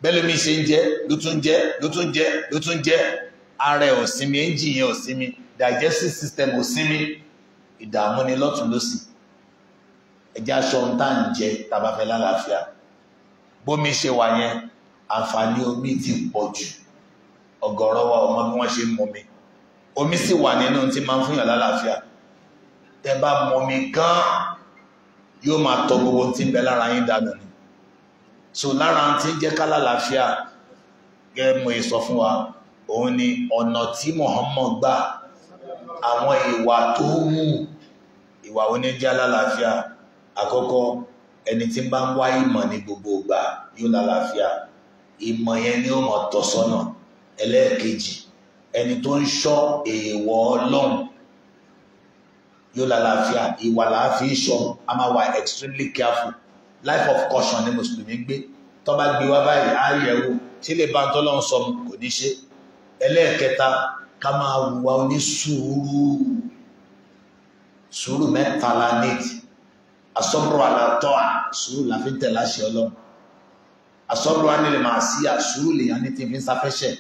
A: bẹ́lómi ṣe ń jẹ́ ló tún jẹ́ ló tún jẹ́ ló tún jẹ́ ara ẹ̀ ọ̀sinmi ẹ́ńjìn yẹn ọ̀sinmi digestive system ọ̀sinmi ìdààmú ni lọ́tún lọ́sì ẹjẹ́ aṣọ ohun tá à ń jẹ tá a bá fẹ́ lálàáfíà bómi ṣe wà yẹn àǹfààní omi ti pọ̀ jù ọ̀gọ̀rọ̀ wa ọmọ bí wọ́n ṣe ń mọmi omi sì wà nínú tí máa ń fún yàn lálàáfíà tẹ́ bá mọmi gan yóò máa tọ gbogbo tí ń bẹ lára yín dànù ni so lára tí ń jẹ́ kálàlàáfíà gẹ́mù ìsọ fún wa òun ni ọ̀nà tí Muhammad gbà àwọn ìwà tó wù ìwà oníjẹ́ alálàáfíà àkọ́kọ́ ẹni tí ń bá ń wá ìmọ̀ ní gbogbo ìgbà yóò lálàáfíà ìmọ̀ yẹn ni ó mọ̀ tọ́ sọ́nà ẹlẹ́ẹ̀kejì ẹni tó ń ṣọ́ èèwọ̀ ọlọ́run yóò lálàáfíà ìwà làá fi ṣọ́ a máa wà extremely careful life of caution ni mùsùlùmí gbé tó bá gbé wá báyìí á yẹ̀ wò tí lè bá ń tọ́lọ́run sọ kò ní ṣe ẹlẹ́ẹ̀kẹta ká máa wà ní sùúrù sùúrù mẹ́ta la nídìí asọ́bùrù àlàtọ́ à sùúrù la fi ń tẹ̀lé àṣẹ ọlọ́run asọ́bùrù ànílẹ̀ máa sí àsùúrù lèèyàn ní ti fi ń sáfẹ́ṣẹ̀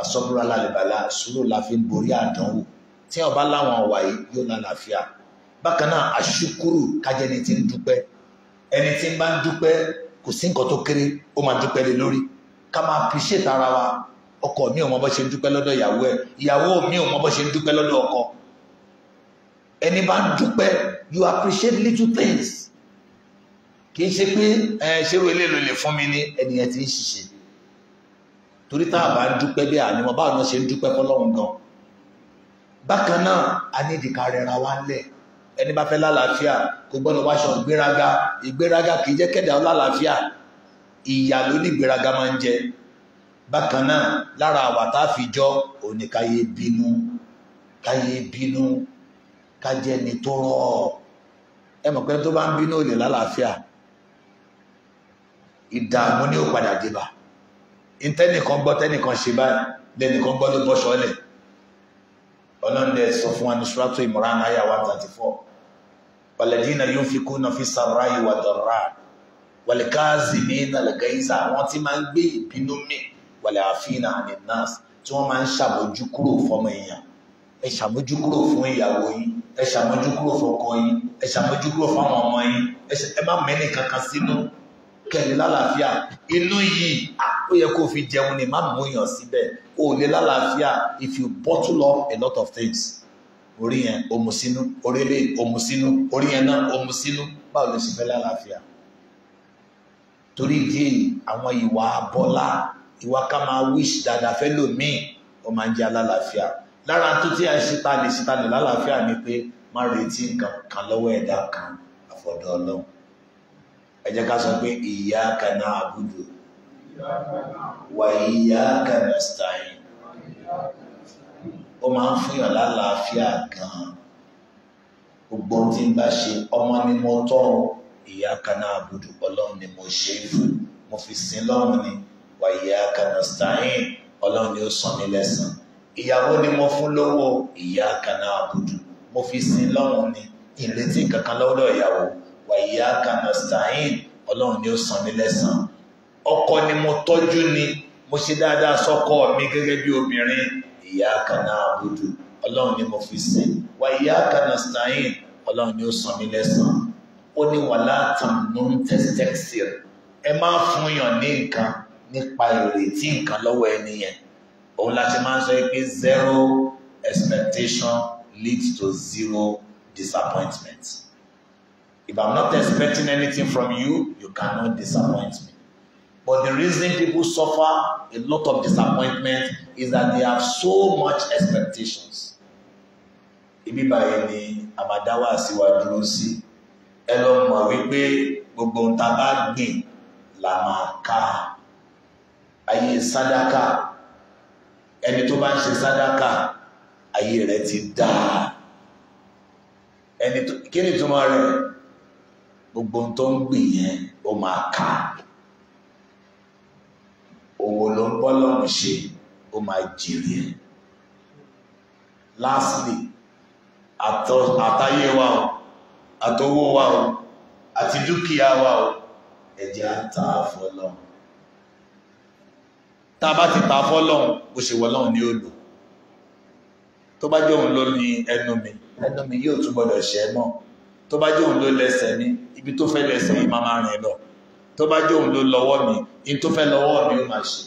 A: asọ́bùrù àlàlẹ̀bàlà sùúrù la fi ń borí àdánwò tí ọba láwọn ọ̀wà yìí yóò lálàáfíà bákan náà àṣùkúrù kájẹni ti ń dúpẹ́ ẹni tí bá ń dúpẹ́ kò sí nǹkan tó kéré ó máa dúpẹ́ lé lórí ká máa appreciate ara wa ọkọ mi ò mọ bó ṣe ń dúpẹ́ lọ́dọ̀ ìyàwó ẹ̀ ìyàwó mi ò mọ bó ṣe ń dúpẹ́ lọ́dọ̀ ọkọ ẹni bá ń dúpẹ́ you appreciate little things kì í ṣe pé ẹ ṣerú eléèlò lè fún mi ní ẹnìyẹn tí ń ṣiṣẹ́ torí tá a bá ń dúpẹ́ bí ànímọ́ báwọn ṣe ń dúpẹ́ fọlọ́run gan bákan náà a ní ìdíkà rẹ̀ ń lẹ̀ ẹni bá fẹ́ lálàáfíà kò gbọ́dọ̀ wáṣọ ìgbéraga ìgbéraga kì í jẹ́ kẹ́dà lálàáfíà ìyà ló ní ìgbéraga máa ń jẹ bákan náà lára àwà tá a fi jọ òní káyé bínú káyé bínú kájẹ ni tó rọ ẹ mọ̀ pé tó bá ń bínú òní lálàáfíà ìdààmú ni ó padà débà ìtẹ́nìkan gbọ́ tẹ́nìkan ṣe báyìí lẹ́nìkan gbọ́ ló bọ́ sọ́lẹ̀ ọlọ́run lè sọ fún wa ní Suratu Imran àyà one thirty four wàlẹ̀dínà yóò fi kú náà fi sàrá ìwà dọ̀rá wàlẹ̀káàzì ní nàlẹ̀gáìsà àwọn tí máa ń gbé ìbínú mì wàlẹ̀ àfihàn àmì nurse tí wọ́n máa ń ṣàbójú kúrò fọmọ èèyàn ẹ ṣàbójú kúrò fún ìyàwó yín ẹ ṣàbójú kúrò fọkọ yín ẹ ṣàbójú kúrò fáwọn ọmọ yín ẹ má mẹ́ni kankan sínú kẹ̀lé lálàáfíà inú yìí ó yẹ kó fi jẹun ni má mú síbẹ̀ ó lálàáfíà if you bottle up a lot of things orí yẹn ó mu sínú orí lè ó mu sínú orí yẹn náà ó mu sínú báwo ló ṣe fẹ́ lálàáfíà torí ìdí àwọn ìwà abọ́lá ìwà ká máa wíṣ dáadáa fẹ́ lòmíì ó máa ń jẹ́ alálàáfíà lára tó tí a ṣe ta lè ṣe ta lè lálàáfíà ni pé má retí nǹkan kan lọ́wọ́ ẹ̀dá kan àfọ̀dọ̀ ọlọ́run ẹ jẹ́ ká sọ pé iyyaka na'budu wa iyyaka nasta'in ó máa ń fúnyàn lálàáfíà gan-an gbogbo ohun tí ń bá ṣe ọmọ ni mo tọ́ ìyá kaná àbùdù ọlọ́run ni mo ṣe é fún mo fi sin lọ́run ni wà kaná stein ọlọ́run ni ó san mí lẹ́sàn ìyàwó ni mo fún lówó ìyá kaná àbùdù mo fi sin lọ́run ni ìrètí kankan lọ́dọ̀ ìyàwó wà kaná stein ọlọ́run ni ó san mí lẹ́sàn ọkọ ni mo tọ́jú ni mo ṣe dáadáa sọ́kọ mi gẹ́gẹ́ bí obìnrin ìyáàkà náà àbúdù ọlọ́run ni mo fi sí wà ìyáàkà náà stein ọlọ́run ni ó san mí lẹ́sàn ó ní wà látàn ló ń ẹ máa fún yàn ní nǹkan nípa ìrètí nǹkan lọ́wọ́ ẹni yẹn òun láti máa ń sọ pé zero expectation leads to zero disappointment if i'm not expecting anything from you you cannot disappoint me. But the reason people suffer a lot of disappointment is that they have so much expectations. Ibi ni Amadawa sí wa dúró sí. Ẹ lọ mọ̀ wípé gbogbo ohun tá a bá gbìn là máa ká. Ayé sádákà. Ẹni tó bá ń ṣe sádákà, ayé rẹ̀ ti dáa. Ẹni tó kí ni ìtumọ̀ rẹ̀? Gbogbo ohun tó ń gbìn yẹn ó máa ká òwò ló ń bọ́ lọ́rùn ṣe ó máa jèrè ẹ̀ lastly àtayé wa o àtowó wa o àti dúkìá wa o ẹ̀jẹ̀ á ta tá a bá ti ta fọlọ́run bó ṣe wọlọ́run ni ó lò tó bá jẹ́ òun ló ní ẹnu mi ẹnu mi yóò tún gbọ́dọ̀ ṣẹ́ mọ́ tó bá jẹ́ òun ló lẹ́sẹ̀ mi ibi tó fẹ́ lẹ́sẹ̀ yìí máa máa rìn lọ tó bá jẹ́ òun ló lọ́wọ́ mi in tó fẹ́ lọ́wọ́ mi ó máa ṣe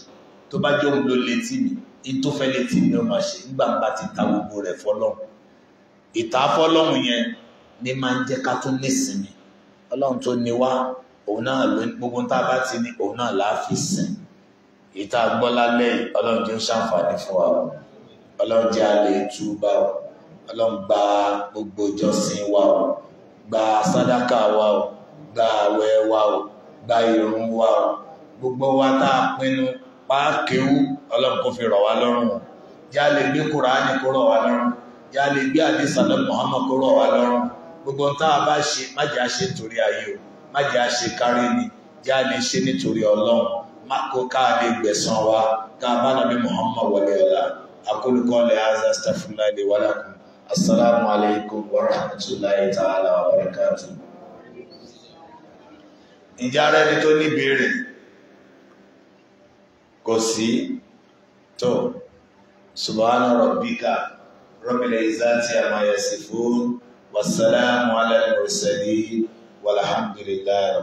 A: tó bá jẹ́ òun ló létí mi in tó fẹ́ létí mi ó máa ṣe nígbà ti ta gbogbo rẹ̀ fọlọ́hun ìta fọlọ́hun yẹn ni máa ń jẹ́ ká tún nísinmi ọlọ́run tó ní wá òun náà ló gbogbo tá a bá ti ní òun náà là fi sìn ìta gbọ́lá ọlọ́run jẹ́ ó ṣàǹfààní fún wa ọlọ́run jẹ́ alẹ́ ìtúbà ọlọ́run gba gbogbo ìjọsìn wa gba sàdákà wa gba àwẹ̀ wa o gba ìrun wa o gbogbo wa tá a pinnu páàkéwú ọlọ́run kó fi rọ̀ wá lọ́rùn o yá lè gbé kùránì kó rọ̀ wá lọ́rùn yá lè gbé àdìsànà Muhammad kó rọ̀ wá lọ́rùn gbogbo tá a bá ṣe má jẹ́ a torí ayé o má jẹ́ a kárí ni yá lè ṣe nítorí ọlọ́run má kó káà lè gbẹ̀san wa káà bá nàbí Muhammad wọlé ọ̀la akólukọ́ lè azà stafunláì lè wàlákùn assalamu alaikum warahmatullahi ta'ala wa barakatuh ìjà rẹ̀ ni tó ní ìbéèrè kò sí tó subhana rabbika rabbil izzati amma yasifun wassalamu ala al-mursalin walhamdulillahi